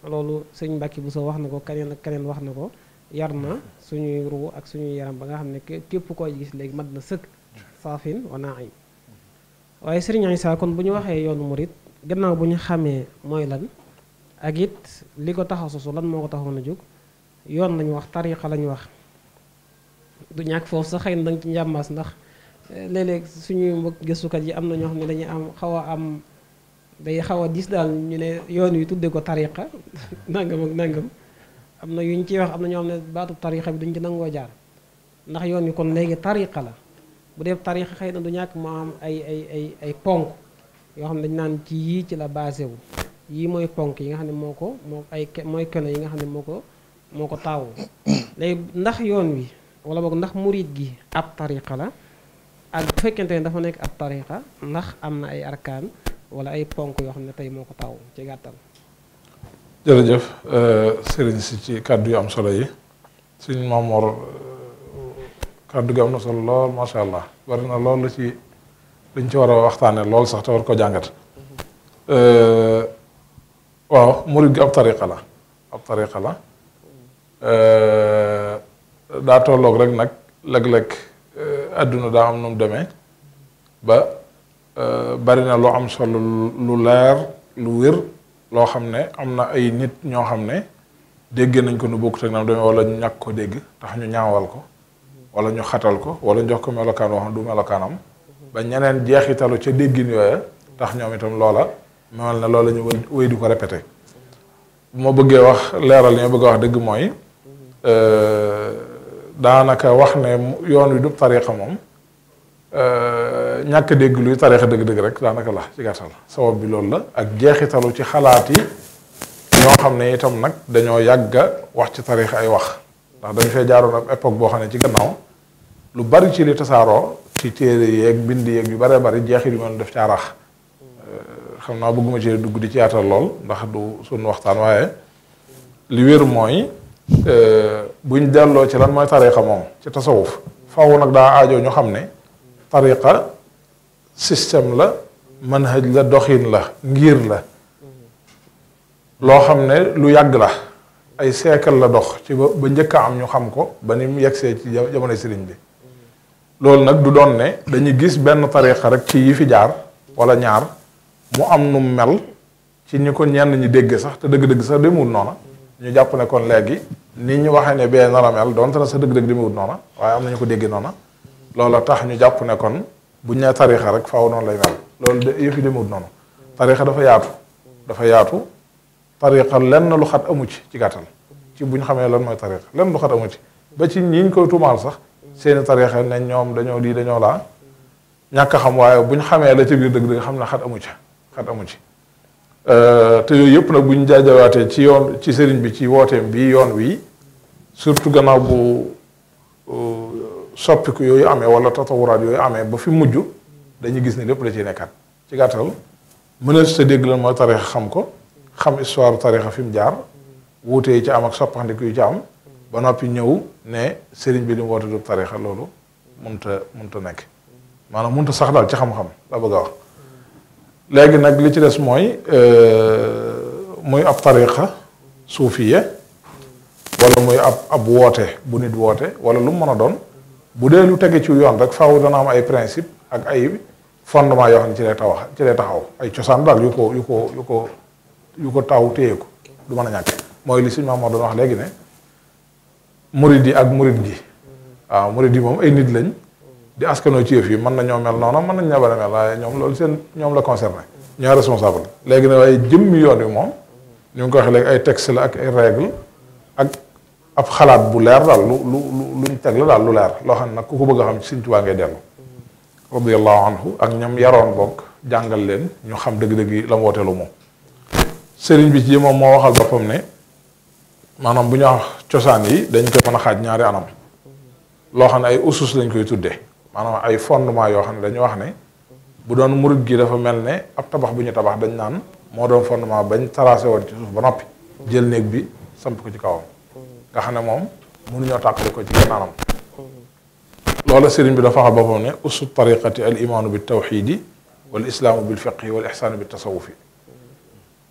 B: loolu sëñ Mbàkke Bousso wax na ko kaneen ak wax na ko yar na mm-hmm. suñuy ruu ak suñuy yaram ba nga xam ne képp koo gis léegi mat na sëkk saafin wanaa ay waaye sëriñ Isaa kon bu ñu waxee yoonu murit gannaaw bu ñu xamee mooy lan ak it li ko taxaw a sosu lan moo ko taxoon a jóg yoon lañu wax tariixa lañu wax du ñàkk foofu sax xëy na da ci njàmbaas ndax eh, léeg suñuy mbokk gëstukat yi am na ñoo xam ne dañuy am xaw a am day xaw a diis daal ñu ne yoon wi tuddee ko tariqa nangam ak nangam am na yuñ ciy wax am na ñoo xam ne baatu tariqa bi duñ ci nangoo jaar ndax yoon wi kon léegi tariqa la bu dee tariqa xëy na du ñàkk moo am ay ay ay ay ponk yoo xam ne dañ naan ci yii ci la basé wu yii mooy ponk yi nga xam ne moo ko moo ay mooy kene yi nga xam ne moo ko moo ko taawu léegi ndax yoon wi wala boog ndax murid gi ab tariqa la ak bu fekkente ne dafa nekk ab tariqa ndax am na ay arkan wala ay ponk yoo xam ne tey moo ko taw ci gàttal.
C: jërëjëf euh, sëriñ si ci kàddu yu am solo yi suñu Maamoor euh, kàddu gi am na solo lool macha allah bari na lool la ci dañ ci war a waxtaane lool sax te war koo jàngat. Euh, waaw murid gi ab tariqa la ab tariqa la. daa tolloog rek nag léeg-léeg euh, àdduna daa am nu mu ba euh, bari na lu am solo lu leer lu wér loo xam ne am na ay nit ñoo xam ne dégg nañ ko nu bokkut ak nam demee wala ñu ñàkk ko dégg tax ñu ñaawal ko wala ñu xatal ko wala jox ko melokaan wax du melokaanam ba ñeneen jeexitalu ca déggin yooya tax ñoom itam loola mel na loola ñu wéy di ko répété bu ma bëggee wax leeral li ma bëgg wax dëgg mooy euh, daanaka wax ne yoon wi du tariixa moom euh, ñàkk dégg luy tariixa dëgg-dëgg rek daanaka la ci gàttal sabab bi loolu la ak jeexitalu ci xalaat yi ñoo xam ne itam nag dañoo yàgga wax ci tariixa ay wax ndax dañ fee jaaroon ab époque boo xam ne ci gannaaw lu bari ci li tasaaroo ci téere yeeg bind yéeg yu baree bari jeexit yu mën def caaraax euh, xam naa bëgguma ci dugg di ci yaatal lool ndax du sunu waxtaan waaye li wér mooy buñ delloo ci lan mooy tariqa moom ci tasawuf faaw nag daa aajo ñu xam ne tariqa système la manhaj la doxin la ngir la loo xam ne lu yàgg la ay siècle la dox ci ba njëkk am ñu xam ko ba ni mu yegsee ci jamono sëriñ bi loolu nag du doon ne dañuy gis benn tariqa rek ci yi fi jaar wala ñaar mu am nu mel ci ñi ko ñenn ñi dégg sax te dëgg-dëgg sax demul noona ñu jàpp ne kon léegi ni ñu waxee ne bee na a mel donte na sa dëgg-dëgg di mu waaye am nañu ko dégg noona loola tax ñu jàpp ne kon buñ nee tariixa rek faaw noonu lay mel loolu de yëfi di mu wut noona tariixa dafa yaatu dafa yaatu tariixa lenn lu xat amu ci ci gàttal ci bu ñu xamee lan mooy tariixa lenn lu xat amu ci ba ci ñiñ koy tumaal sax seeni tariixa ne ñoom dañoo lii dañoo laa ñàkk xam waaye ñu xamee la ci biir dëgg-dëgg xam ne xat amu ci xat amu ci Euh, te yooyu yëpp nag bu ñu jaajawaatee ci yoon ci sëriñ bi ci wooteem bii yoon wii surtout gannaaw bu euh, soppiku yooyu amee wala tatawuraat yooyu amee ba fi mujj dañuy gis ne lépp la ciy nekkaat ci gàttal mënees te dégg lan mooy tarixa xam ko xam histoire tarixa fi mu jaar wuute ci am ak soppandiku yu ci am ba noppi ñëw ne sëriñ bi li mu woote du tarixa loolu mënut a nekk maanaam mënut sax daal ci xam-xam la bëgg wax. léegi nag li ci des mooy euh, muy ab tariqa suufiye wala muy ab ab woote bu nit woote wala lu mu mën a doon bu dee lu tege ci yoon rek faaw dana am ay principe ak ay fondement yoo xam ne ci lay tawax ci lay taxaw ay cosaan daal yu ko yu ko yu ko yu taw téye ko du mën a ñàkk mooy li suñu maam moo doon wax léegi ne murid yi ak murid gi waaw murid yi moom ay nit lañ di askanoo ci yëf yi mën na ñoo mel noonu mën nañ ñabale mel waaye ñoom loolu seen ñoom la concerné ñoo responsable léegi ne waaye jëmm yoon wi moom ñu ngi ko waxee léegi ay texte la ak ay ak ab xalaat bu leer daal lu lu luñ teg la daal lu leer loo xam ne nag ku ko bëgg xam xam ci Sëñ Tuubaa ngay dellu radiallahu anhu ak ñoom yaroon bokk jàngal leen ñu xam dëgg-dëgg yi la mu wooteelu moom sëriñ bi ci moom moo waxal boppam ne maanaam bu ñu wax cosaan yi dañ koy a xaaj ñaari anam loo xam ne ay usus lañ koy tuddee maanaam ay fondement yoo xam ne dañu wax ne bu doon murid gi dafa mel ne ab tabax bu ñu tabax dañ naan moo doon fondement bañ tracé woon ci suuf ba noppi jël néeg bi samp ko ci kawam nga xam ne moom mënuñoo tàqali ko ci genn anam loola sëriñ bi dafa wax boppam ne ussu tariqati al imaanu bi tawxidi wal islaamu bil fiqi wal ixsaanu bi tasawufi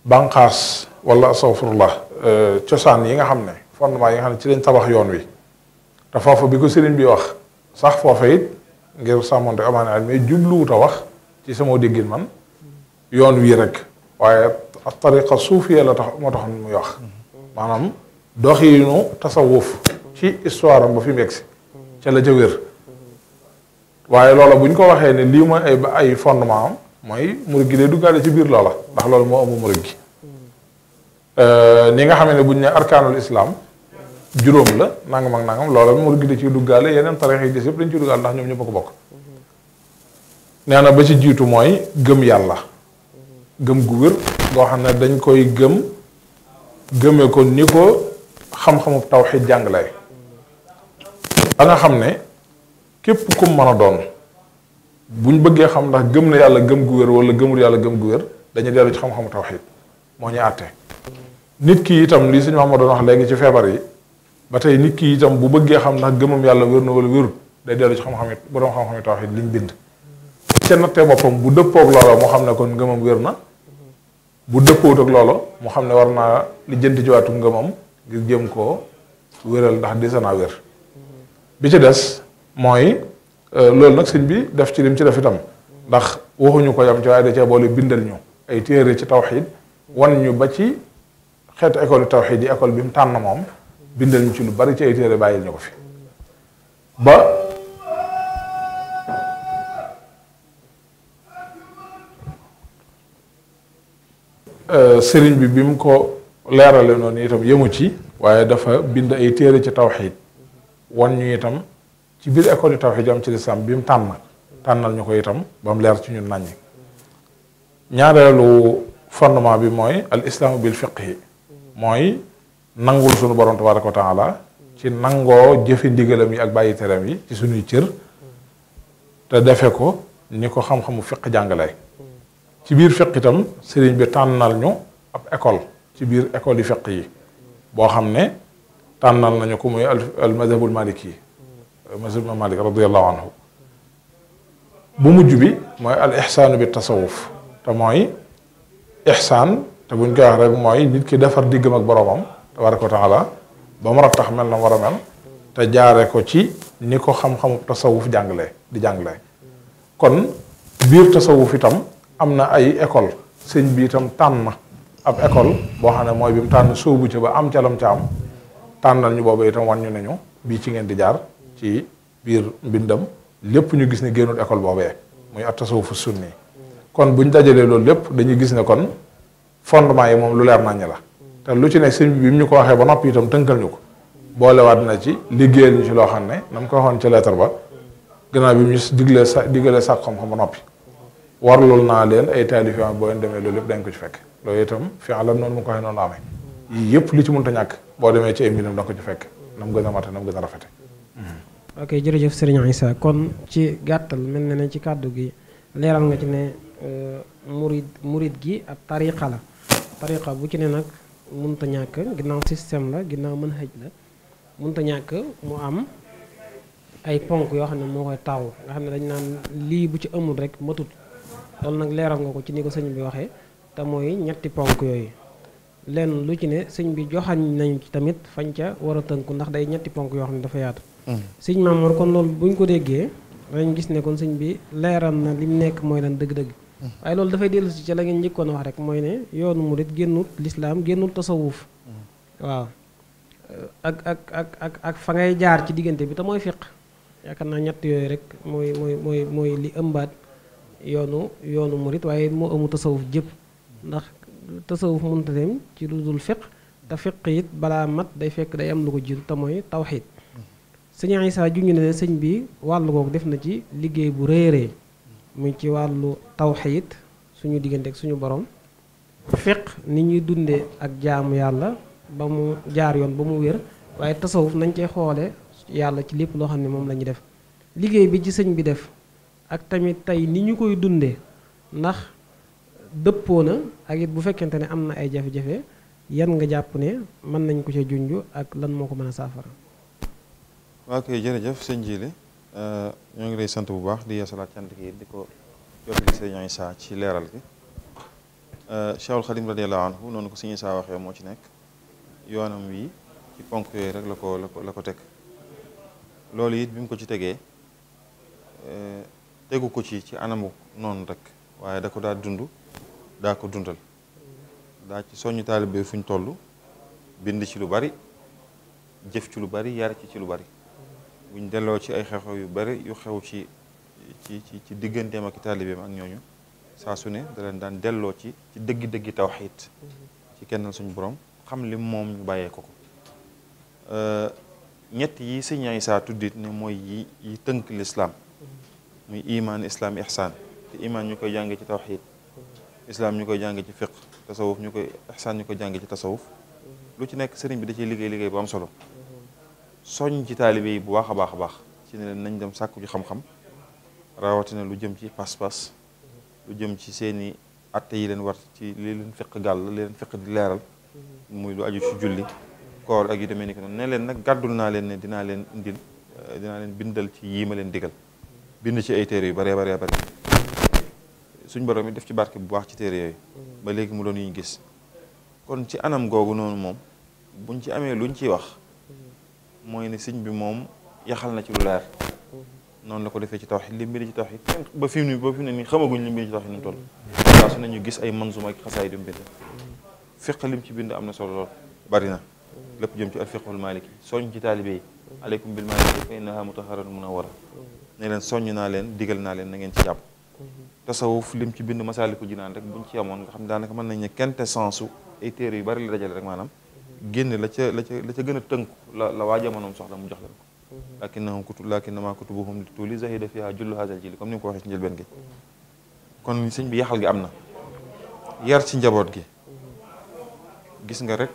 C: banqaas wala astafurullah euh, cosaan yi nga xam ne fondement yi nga xam ne ci lañ tabax yoon wi te foofu bi ko sëriñ bi wax sax foofa it ngir sàmmonte amaana at mais a wax ci sama déggin man yoon wii rek waaye tariqa suufiya la tax moo tax muy wax maanaam doxiinu tasawuf ci histoire am ba fi mu egsi ca la ca wér waaye loola bu ñu ko waxee ne lii mooy ay ay fondement am mooy murid gi day duggaale ci biir loola ndax loolu moo amu murid gi euh, ni nga xam ne buñ ñu ne arkaanul islam juróom la nangam ak nangam loola murid gi da ciy duggaale yeneen tarixa yi des yëpp dañ ciy duggaale ndax ñoom ñëpp a bokk nee na ba ci jiitu mooy gëm yàlla gëm gu wér goo xam ne dañ koy gëm gëmee ko ni ko xam-xamu nga xam ne képp kum a doon buñ bëggee xam ndax gëm na yàlla gëm gu wér wala gëmul yàlla gëm gu wér dañuy dellu ci xam-xamu tawxiid moo ñu àtte nit kii itam lii suñu Muhammad doon wax léegi ci feebar yi ba tey nit kii itam bu bëggee xam ndax gëmam yàlla wér na wala wérut day dellu ci xam-xam it borom xam-xam tawhid liñ bind ca nattee boppam bu dëppoog loola moo xam ne kon ngëmam wér na bu dëppoot ak loola mu xam ne war naa li jënti ci waatu ngëmam ngir jëm koo wéral ndax dese naa wér bi ci des mooy euh, loolu nag sëñ bi def ci lim ci def itam ndax waxuñu ko yam ci waaye da cee boole bindal ñu ay téere ci tawxid wan ñu ba ci xeet école tawxid yi école bi mu tànn moom bindal ñu ci lu bari ci ay téere bàyyil ñu ko fi ba euh, sëriñ bi bi ko leerale noonu itam yëmu ci waaye dafa bind ay téere ci tawxiid wan ñu itam ci biir école yi tawxiid yi ci lislaam bi mu tànn tànnal ñu ko itam ba mu leer ci ñun naññi ñaareelu fondement bi mooy al islaamu bil yi mooy nangul sunu borom tabaraka wa taala ci nangoo jëfe ndigalam yi ak bàyyi teram yi ci suñuy cër te defe ko ni ko xam-xamu fiq jàngale ci biir fiq itam sëriñ bi tànnal ñu ab école ci biir école yi fiq yi boo xam ne tànnal nañu ko muy al madhabul maliki yi mazhabul malik radiallahu anhu bu mujj bi mooy al ixsaanu bi tasawuf te mooy ixsaan te buñ koy rek mooy nit ki defar diggam ak boromam tabaraka wa taala ba mu war a tax mel na war a mel te jaare ko ci ni ko xam-xamu tasawuf jàngale di jàngale kon biir tasawuf itam am na ay école sëñ bi itam tànn ab école boo xam ne mooy bi mu tànn sóobu ci ba am calam ca am tànnal ñu boobu itam wan ñu ne bii ci ngeen di jaar ci biir mbindam lépp ñu gis ne génnul école boobee muy at tasawufu sunni kon buñ ñu dajalee loolu lépp dañuy gis ne kon fondement yi moom lu leer naññ la te lu ci ne sëñ bi bi ñu ko waxee ba noppi itam tënkal ñu ko boolewaat na ci liggéeyal ñu ci loo xam ne na mu ko waxoon ci leetar ba gannaaw bi mu ñu diglee sa diggalee sàkk xam-xam ba noppi warlul naa leen ay taalif boo leen demee loolu yëpp dañ ko ci fekk loolu itam fi alam noonu mu ko waxee noonu amee yii yëpp li ci mënta ñàkk boo demee ci ay mbiram da nga ko ci fekk na mu gën a mate na mu gën a rafete
B: hmm. ok jërëjëf sëriñ Issa kon ci gàttal mel gi leeral nga ci ne euh, murid murid gi ab tariqa mënut a ñàkk ginnaaw système la ginnaaw mën xëj la mënut a ñàkk mu am ay ponk yoo xam ne moo koy taw nga xam ne dañ naan lii bu ci amul rek matut loolu nag leeral nga ko ci ni ko sëñ bi waxee te mooy ñetti ponk yooyu lenn lu ci ne sëñ bi joxañ nañu ci tamit fañ ca war a tënku ndax day ñetti ponk yoo xam ne dafa yaatu mm. sëñ Mamour kon loolu buñ ko déggee dañ gis ne kon sëñ bi leeral na lim nekk mooy lan dëgg-dëgg waaye loolu dafay dellusi si ci la ngeen njëkkoon wax rek mooy ne yoonu murit génnut lislaam génnut tasawuf waaw ak ak ak fa ngay jaar ci diggante bi te mooy fiq yaakaar naa ñett yooyu rek mooy mooy mooy li ëmbaat yoonu yoonu murit waaye moo amu tasawuf jëpp ndax tasawuf mënta ci lu dul fiq te fiq it balaa mat day fekk day am lu ko jiitu te mooy tawxiid sëñ Isaa juñu ne sëñ bi wàll googu def na ci liggéey bu rëy a mu ci wàllu tawxiid suñu diggante ak suñu borom fiq ni ñuy dunde ak jaamu yàlla ba mu jaar yoon ba mu wér waaye tasawuf nañ koy xoole yàlla ci lépp loo xam ne moom la def liggéey bi ci sëñ bi def ak tamit tey ni ñu koy dundee ndax dëppoo na ak it bu fekkente ne am na ay jafe-jafe yan nga jàpp ne mën nañ ko ca junj ak lan moo ko mën a saafara.
D: waa koy Euh, ñoo ngi lay sant bu baax di yeesalaat ki gi di ko jottali yi Isaa ci leeral gi euh, Cheikhul Xadim radiyallahu anhu noonu ko sëriñ Isaa waxee moo ci nekk yoonam wi ci ponk yooyu rek la ko la ko teg loolu it bi mu ko ci tegee euh, tegu ko ci ci anamu noonu rek waaye da ko daa dund daa ko dundal daa ci soññu taalibe fu ñu toll bind ci lu bari jëf ci lu bari yar ci ci lu bari buñ delloo ci ay xew-xew yu bari yu xew ci ci ci ci digganteem ak taalibeem ak ñooñu saa su ne da daan delloo ci ci dëgg-dëggi tawxiid ci kenn suñu borom xam li moom ñu bàyyee ko ko euh, ñett yi sëñ Isaa tuddit ne mooy yi yi tënk lislaam muy iman islaam ihsaan te iman ñu koy jàngee ci tawxiid islaam ñu koy jàng ci fiq tasawuf ñu koy ihsaan ñu koy jàng ci tasawuf lu ci nekk sëriñ bi da ciy liggéey liggéey bu am solo soññ ci taalibe yi bu baax a baax a baax ci ne leen nañ dem sàkku ji xam-xam rawatina lu jëm ci pas-pas lu jëm ci seeni atte yi leen war ci li leen fekk gàll li leen fekk di leeral muy lu aju ci julli koor ak yi demee ni ko noonu ne leen nag gàddul naa leen ne dinaa leen indil euh, dina leen bindal ci yii ma leen digal bind ci ay téere yu baree baree bare suñ borom mi def ci barke bu baax ci téere yooyu ba léegi mu doon yuñ gis kon ci anam googu noonu moom buñ ci amee luñ ciy wax mooy ne sëñ bi moom yaxal na ci lu leer noonu la ko defee ci tawxiid li mbiri ci tawxiid kenn ba fi mu ba fi mu ne nii xamaguñ li mbiri ci tawxiid ni mu toll saa su ne ñu gis ay manzuma ak xasaay du mbind fiq lim ci bind am na solo lool bari na lépp jëm ci al fiqhul maliki soññ ci taalibe yi aleykum bil maliki fa innaha mutaharratun war ne leen soññ naa leen digal naa leen na ci jàpp tasawuf lim ci bind masaaliku jinaan rek buñ ci amoon nga xam ne mën nañ ne quintessence ay yu bari la dajale rek maanaam génne la ca la ca la gën a tënku la la waa jamonoom soxla mu jox leen ko mhm. lakinnahum kutu lakinnama kutubuhum li tuuli zahida fiha jullu hasal jili comme ni nga ko waxee ci njëlbeen gi mhm. kon sëñ bi yaxal gi am na yar ci njaboot gi mhm. gis nga rek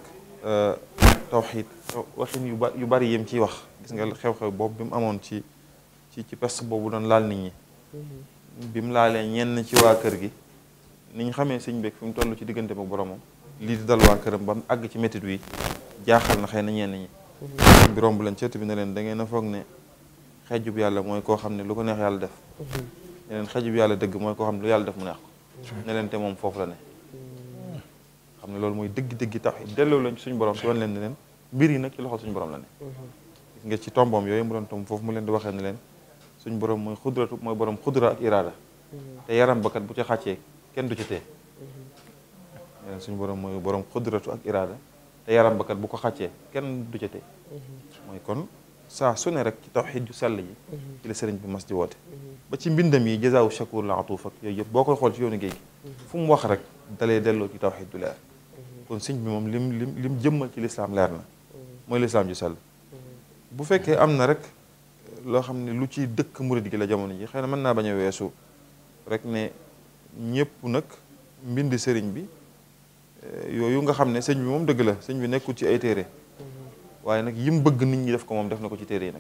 D: euh, tawxiid waxin yu yu bari yim ciy wax gis nga xew-xew boobu bi mu amoon ci ci ci peste boobu doon laal nit ñi bi mu laalee ñenn ci waa kër gi ni ñu xamee sëñ beeg fi mu toll ci diggante ak boromam lii di dal waa këram ba mu àgg ci métit wi jaaxal na xëy na ñenn ñi bi romb leen cët bi ne leen da ngeen a foog ne xejjub yàlla mooy koo xam ne lu ko neex yàlla def ne leen xejjub yàlla dëgg mooy koo xam ne lu yàlla def mu neex ne te moom foofu la ne xam ne loolu mooy dëgg-dëgg tax delloo lañ suñ borom si wan leen ne leen mbir yi nag ci loxo suñu borom la ne gis nga ci tomboom yooyu mu doon tomb foofu mu leen di waxee ne leen suñ borom mooy xudratu mooy borom xudra ak iraada te yaram bakat bu ca xàccee kenn du ci tee Eh, suñu borom mooy borom xudratu ak iraada te yaram ba kat bu ko xàccee kenn du ca mhm. mooy kon saa su ne rek ci tawxiid ju sell ji mhm. ci la sëriñ bi mas di woote mhm. ba ci mbindam yi jazaawu shakur la atuuf ak yooyu yëpp boo koy xool ci yoonu géej gi fu mu wax rek dalee delloo ci tawxiid du leer kon sëñ bi moom lim lim lim jëmmal ci lislaam leer na mooy lislaam ju sell bu fekkee am na rek eh, loo xam ne lu ci dëkk murid gi la jamono ji xëy na mën naa bañ weesu rek ne nag mbind sëriñ bi yooyu nga xam ne sëñ bi moom dëgg la sëñ bi nekkul ci ay téere waaye nag yim bëgg nit ñi def ko moom def na ko ci téere yi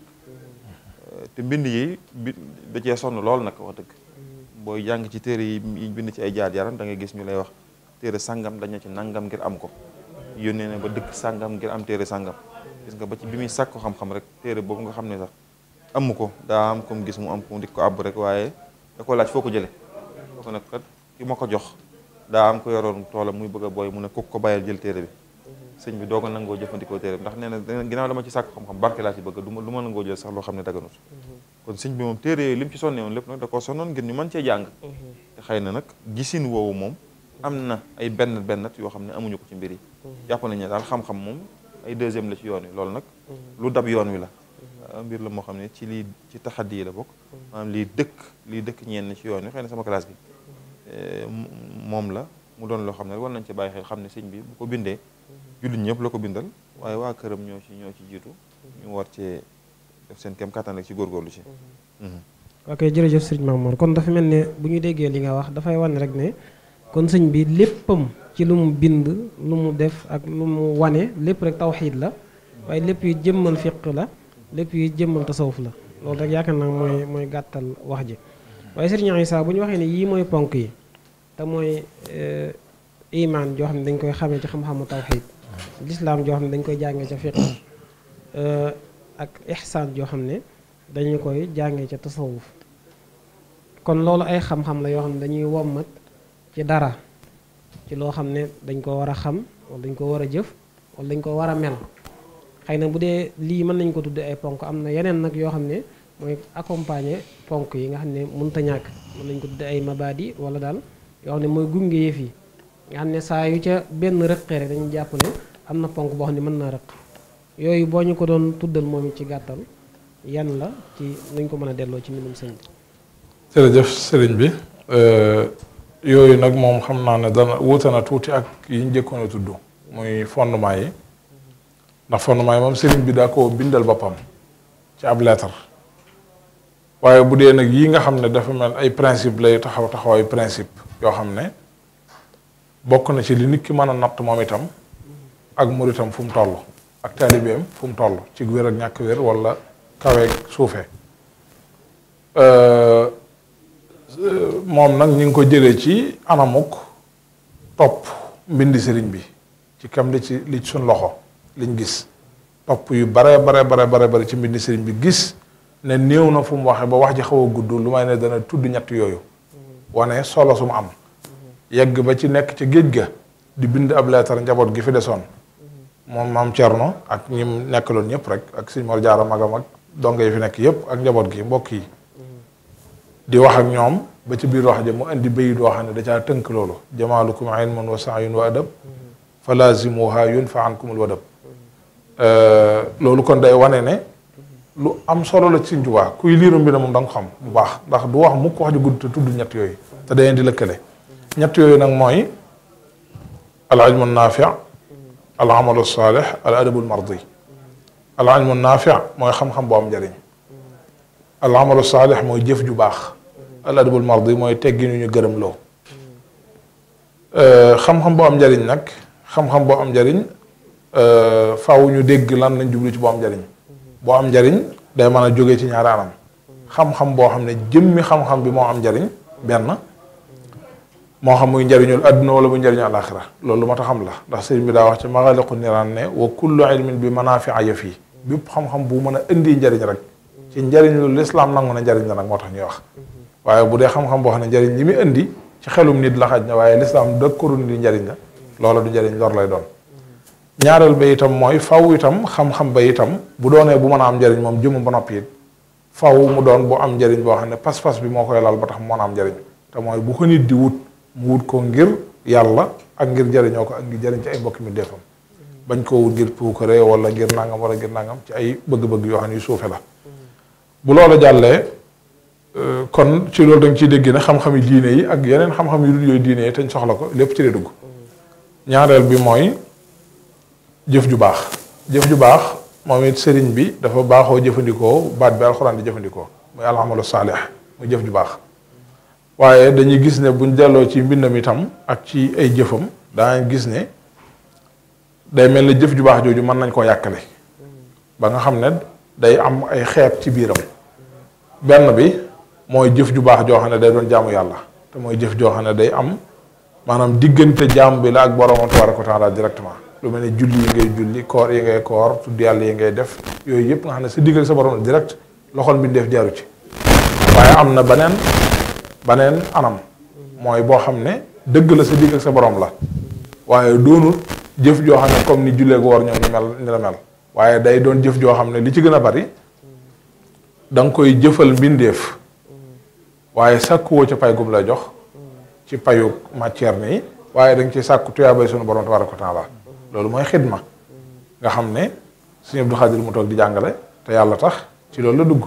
D: te mbind yi bi da cee nag wax dëgg jàng ci téere yi yi ci ay jaar jaaram dangay gis ñu lay wax téere sàngam dañu ci nangam ngir am ko yónnee na ba dëkk sàngam ngir am téere sàngam gis nga ba ci bi muy sàkku xam-xam rek téere boobu nga xam ne sax amu ko daa am comme gis mu am ko mu dik ko àbb rek waaye da ko laaj foo ko jële ko ki ma ko jox daa am ko yoroon toolam muy bëgg a booy mu ne kuk ko bàyyil jël téere bi sëñ bi doog a nangoo jëfandikoo téere bi ndax nee na dama ci sàkk xam-xam barke laa ci bëgg du ma nangoo jël sax ne daganut kon sëñ bi moom téere yooyu li mu ci sonne woon lépp nag da koo sonnoon ngir ñu mën cee jàng te xëy gisin woowu moom am na ay benn benn yoo xam ne amuñu ko ci mbir yi jàpp nañu daal xam-xam moom ay deuxième la ci yoon wi loolu nag lu dab yoon wi la mbir la moo xam ne ci lii ci taxaddi yi la bokk maanaam lii dëkk lii dëkk ñeen ci yoon wi xëy sama classe bi Euh, moom la mu doon loo xam ne war nañ ci bàyyi xel xam ne sëñ bi bu ko bindee jullit ñëpp la ko bindal waaye waa këram ñoo ci ñoo ci jiitu ñu war cee def seen kem kattan rek ci góorgóorlu ci mhm. Mhm.
B: ok jërëjëf sëriñ Mamour kon dafa mel ne bu ñu déggee li nga wax dafay wane rek ne kon sëñ bi léppam ci lu mu bind lu mu def ak lu mu wane lépp rek tawxiid la waaye lépp yu jëmmal fiq la lépp yu jëmmal tasawuf la loolu rek yaakaar naa mooy mooy gàttal waaye Serigne Issa bu ñu waxee ni yii mooy ponk yi te mooy eh, imaan joo xam ne dañ koy xamee ci xam-xamu tawxiid lislaam joo xam ne dañ koy jàngee ca fiq eh, ak ixsaan joo xam ne dañu koy jàngee ca tasawuf kon loolu ay xam-xam la yoo xam ne dañuy wommat ci dara ci loo xam ne dañ koo war a xam wala dañ koo war a jëf wala dañ ko war a mel xëy na bu dee lii mën nañ ko tuddee ay ponk am na yeneen nag yoo xam ne mooy accompagner ponk yi nga xam ne mënut a ñàkk mën nañ ko tuddee ay mabaadi wala daal yow xam ne mooy gunge yëf yi nga xam ne saa yu ca benn rëqee rek dañu jàpp am na ponk boo xam ne mën naa rëq yooyu boo ñu ko doon tuddal moom ci gàttal yan la ci nuñ ko mën a delloo ci mbindum sëñ bi.
C: jërëjëf sëriñ bi euh, yooyu nag moom xam naa ne dana wuute na tuuti ak yi ñu a tudd muy fondement yi ndax fondement yi moom sëriñ bi daa ko bindal boppam ci ab leetar waaye bu dee nag yi nga xam ne dafa mel ay principe lay taxaw taxawaayu principe yoo xam ne bokk na ci li nit ki mën a natt moom itam ak muritam fu mu toll ak taalibeem fu mu toll ci wér ak ñàkk wér walla kaweeg suufe euh, moom nag ñu ngi ko jëlee ci anamuk topp mbind sëriñ bi ci kam li ci li suñ loxo liñ gis topp yu bare bare bare bare bare ci mbindi sëriñ bi gis ne néew na fu mu waxee ba wax ji xaw a gudd lu may ne dana tudd ñett yooyu wane solo su mu am yegg ba ci nekk ci géej ga di bind ab leetar njaboot gi fi desoon moom maam Thierno ak ñi mu nekkaloon ñëpp rek ak sëñ Mor Jaara magam ak dongo yi fi nekk yëpp ak njaboot gi mbokk yi di wax ak ñoom ba ci biir wax ja mu indi bayit woo xam ne da caa tënk loolu jamaalukum ilmun wa saayun wa adab fa laazimuha yunfa ankumul wadab euh, loolu kon day wane lu am solo la ci njubaa kuy liiru mbindam moom da xam bu baax ndax du wax mukk wax ju gudd te tudd ñett yooyu te dañeen di lëkkale ñett yooyu nag mooy al ilmu naafi al amalu saalix al adabu al mardi al ilmu mooy xam boo am njariñ al amalu saalix mooy jëf ju baax al adabu al mardi mooy teggi ñu gërëm loo euh, xam-xam boo am njariñ nag xam-xam boo am njariñ euh, faw ñu dégg lan lañ jublu ci boo am njariñ boo am njariñ day man a jógee ci ñaari anam xam-xam boo xam ne jëmmi xam-xam bi moo am njariñ benn moo xam muy njariñul adduna wala muy njariñu alaxira loolu lu ma ta xam la ndax sëriñ bi daa wax ci magaliqu niraan ne wa kullu ilmin bi manafia yafi bépp xam-xam bu mën a indi njariñ rek ci njariñ lu lislaam nangu na njariñ la nag moo tax ñuy wax waaye bu dee xam-xam boo xam ne njariñ li muy indi ci xelum nit la xaj na waaye lislaam dëkkarul ni njariñ la loola du njariñ lor lay doon ñaareel ba itam mooy faw itam xam-xam ba itam bu doonee bu mën a am njariñ moom jëmu ba noppi it faw mu doon bu am njariñ boo xam ne pas-pas bi moo koy laal ba tax mu mën a am njariñ te mooy bu ko di wut mu wut ko ngir yàlla ak ngir jariñoo ko ak ngir jariñ ci ay mbokki mi defam bañ koo wut ngir puukare wala ngir nangam wala ngir nangam ci ay bëgg-bëgg yoo xam ne yu suufe la
B: bu loolu jàllee
C: euh, kon ci loolu dañ nga ciy dégg ne xam-xami diine yi ak yeneen yi te soxla ko lépp ci lay dugg ñaareel bi mooy jëf ju baax jëf ju baax moom it sëriñ bi dafa baaxoo jëfandikoo baat bi alxuraan di jëfandikoo muy alxamalu saalix muy jëf ju baax waaye dañuy gis ne buñ delloo ci mbindam itam ak ci ay jëfam daa gis ne day mel ni jëf ju baax jooju mën nañ koo yàkkale ba nga xam ne day am ay xeet ci biiram benn bi mooy jëf ju baax joo xam ne day doon jaamu yàlla te mooy jëf joo xam ne day am maanaam diggante jaam bi la ak boroomam tabaaraka wa taala directement lu mel ne julli yi ngay julli koor yi ngay koor tudd yàlla yi ngay def yooyu yëpp nga xam ne sa digg ak sa borom direct loxol bi def jaaru ci waaye am na beneen beneen anam mooy boo xam ne dëgg la sa digg sa borom la waaye doonul jëf joo comme ni julleek woor ñoom ni mel waaye day doon jëf joo xam ne li ci gën a bari da koy jëfal mbindeef waaye sàkkuwoo ca pay gum la jox ci payu matière nii waaye da nga ci sàkku tuyaabay sunu borom tabaraka taala loolu mooy xidma nga xam ne Sëriñ Abdou Khadir mu toog di jàngale te yàlla tax ci loolu la dugg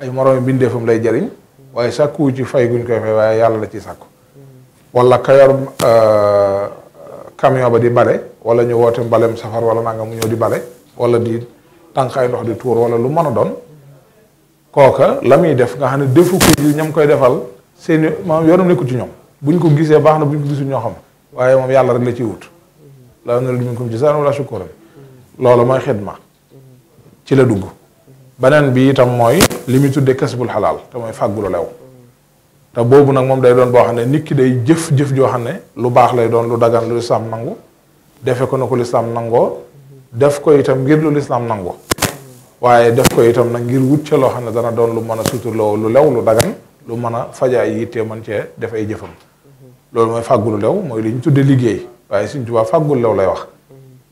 C: ay moroomi bindeefam lay jariñ waaye sàkkuwu ci fay guñ koy fay waaye yàlla la ciy sàkku wala ka yor euh, camion ba di bale wala ñu woote mbalem safar wala nanga mu ñëw di bale wala di tànk ay ndox di tuur wala lu mën a doon kooka la muy def nga xam ne defu ko ci koy defal seeni maanaam yoonam nekku ci ñoom buñ ko gisee baax na buñ ko gisul ñoo waaye moom yàlla rek la ciy wut laa ne la du minkum jazaan wala shukuran loolu mooy xidma ci la dugg beneen bi itam mooy li muy tuddee kasbul xalaal te mooy fàggulu lew te boobu nag moom day doon boo xam ne nit day jëf jëf joo xam ne lu baax lay doon lu dagan lu lislaam nangu defe ko na ko lislaam nangoo def ko itam ngir lu lislaam nangu waaye def ko itam nag ngir wut ca loo xam ne dana doon lu mën a suturloo lu lew lu dagan lu mën a fajaay yittee mën cee def ay jëfam loolu mooy fàggulu lew mooy li ñu tuddee liggéey waaye Sëriñ Tuubaa fàggul law lay wax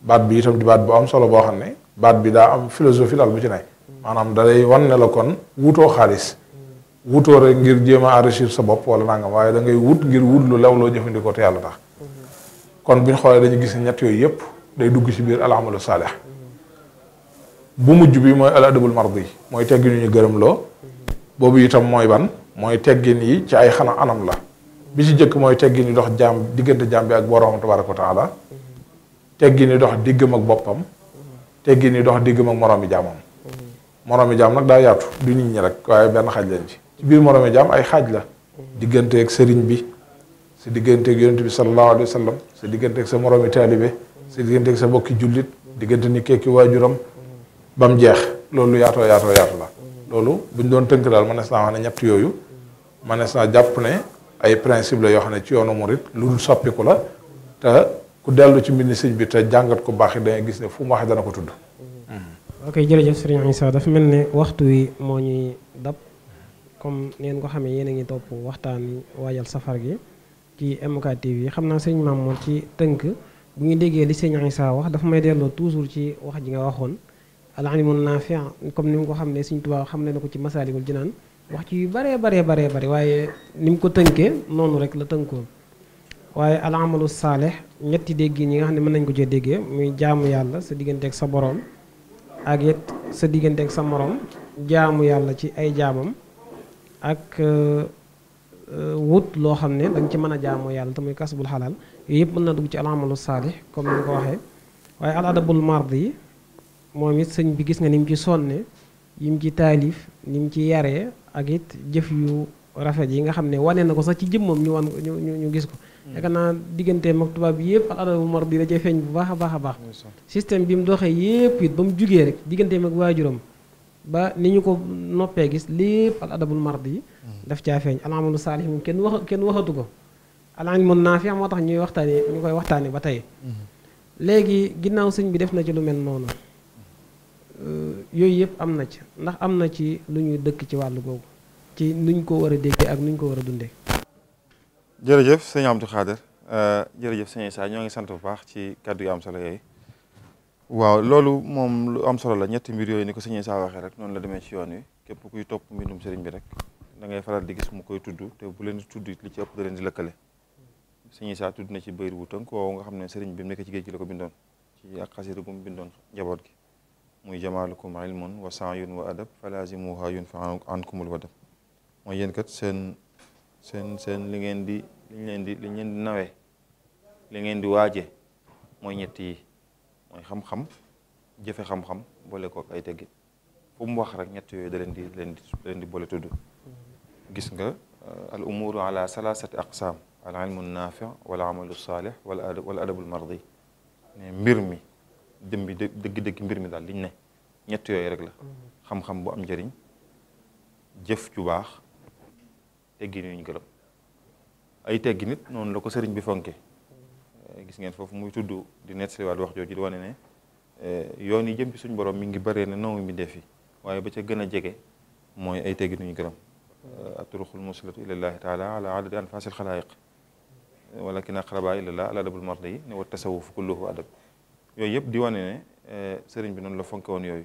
C: baat bi itam di baat bu am solo boo xam ne baat bi daa am philosophie daal bu ci ne maanaam da wan ne la kon wutoo xaalis wutoo rek ngir jéem a sa bopp wala nangam waaye da ngay wut ngir wut lu law loo jëfandikoo te yàlla tax kon buñ ñu xoolee dañu gis ne ñett yooyu yëpp day dugg ci biir alamalu saalih bu mujj bi mooy al adabul mardi mooy teggin yu ñu gërëm loo boobu itam mooy ban mooy teggin yi ci ay xana anam la bi si jëkk mooy teggi ni dox jaam diggante jaam bi ak borom tabaraka wa taala teggi ni dox diggam ak boppam teggi ni dox diggam ak moroomi jaamam moroomi jaam nag daa yaatu du nit ñi rek waaye benn xaaj lañ ci biir moroomi jaam ay xaaj la diggante ak sëriñ bi sa diggante ak yonent bi sallallahu alayhi wa sallam sa diggante ak sa moroomi taalibe sa diggante ak sa mbokki jullit diggante ni kekki waajuram ba mu jeex loolu yaatoo yaatoo yaatu la loolu buñ doon tënk daal manees naa wax ne ñett yooyu manees naa jàpp ne ay principe la yoo xam ne ci yoonu murit lu dul soppiku la te ku dellu ci mbind sëñ bi te jàngat ko baax yi dangay gis ne fu mu waxee dana ko tudd. Mm-hmm.
B: ok jërëjëf sëriñ dafa mel ne waxtu wi moo ñuy dab comme neen xamee yéen a ngi topp waxtaan waajal safar gi ci MK TV xam naa sëriñ Mamour ci tënk bu ñu déggee li sëriñ saa wax dafa may delloo toujours ci wax ji nga waxoon al ilmu naafi' comme ni mu ko xam ne sëriñ Tuubaa xam ne na ko ci Masaalikul Jinaan wax ci yu baree baree bare bari waaye ni mu ko tënkee noonu rek la tënkoon waaye al amalu saalih ñetti dégg ñi nga xam ne mën nañ ko cee déggee muy jaamu yàlla sa digganteeg sa boroom ak it sa digganteeg sa moroom jaamu yàlla ci ay jaamam ak euh, euh, wut loo xam ne da ci mën a jaamu yàlla te muy kasbul xalaal yooyu yëpp mën na dugg ci al amalu saalih comme ni nga ko waxee waaye al adabul yi moom it sëñ bi gis nga ni ci sonne yim mu ci taalif ni ci yaree ak it jëf yu rafet yi nga xam ne wane na ko sax ci jëmmam ñu wan ñu ñu gis ko. Hmm. yaakaar naa digganteem ak tubaab yëpp al adabu mar bi da cee feeñ bu baax a baax a baax. système bi mu doxee yëpp it ba mu jugee rek digganteem ak waajuram ba ni ñu ko noppee gis lépp al adabul mar bi hmm. daf ca feeñ al amalu saalih moom kenn wax kenn waxatu ko. al naa fi moo tax ñuy waxtaanee ñu koy waxtaanee ba tey. Hmm. léegi ginnaaw sëñ bi def na ci lu mel noonu. yooyu yëpp am na ci ndax am na ci lu ñuy dëkk ci wàll googu ci nuñ ko war a déggee ak nuñ ko war a dundee.
D: jërëjëf sëñ Amdou Khader euh, jërëjëf sëñ Issa ñoo ngi sant bu baax ci kàddu yu am solo yooyu. waaw loolu moom lu am solo la ñetti mbir yooyu ni ko sëñ Issa waxee rek noonu la demee ci yoon wi képp kuy topp mbindum sëriñ bi rek da ngay faral di gis mu koy tudd te bu leen di tudd li ci ëpp daleen leen di lëkkale. sëñ Issa tudd na ci bayir wu tënk woowu nga xam ne sëriñ bi mu ci géej ko bindoon ci ak xasida mu bindoon njaboot gi. muy jamaalukum ilmun wa saayun wa adab falaazimuha yunfa ankumul wadab mooy yéen kat seen seen seen li ngeen di liñ leen di liñ leen di nawee li ngeen di waaje mooy ñetti yi mooy xam-xam jëfe xam-xam boole ko ay teggin fu mu wax rek ñett yooyu da leen di leen di leen di boole tudd gis nga euh, al umuru ala salasati aqsaam al ilmu naafi wal amalu saalih wal adab wal adabul mardi ne mbir mi dem bi dëgg-dëgg mbir mi daal liñ ne ñett yooyu rek la xam-xam bu am njëriñ jëf ju baax teggin yuñ gërëm ay teggi nit noonu la ko sëriñ bi fonke eh, gis ngeen foofu muy tudd di nettaliwaat wax jooju di wane ne eh, yoon yi jëm ci suñu borom mi ngi bëree ne noomu mi def waaye ba ca gën a jege mooy ay teggi nuñu gërëm eh, aturuqul musilatu ilallaahi taala ala adadi anfasil xalaayiq walakin aqraba ilallah ala adabul marda yi ne wa tasawuf kulluhu adab yooyu yëpp di wane ne eh, sëriñ bi noonu la fonke woon yooyu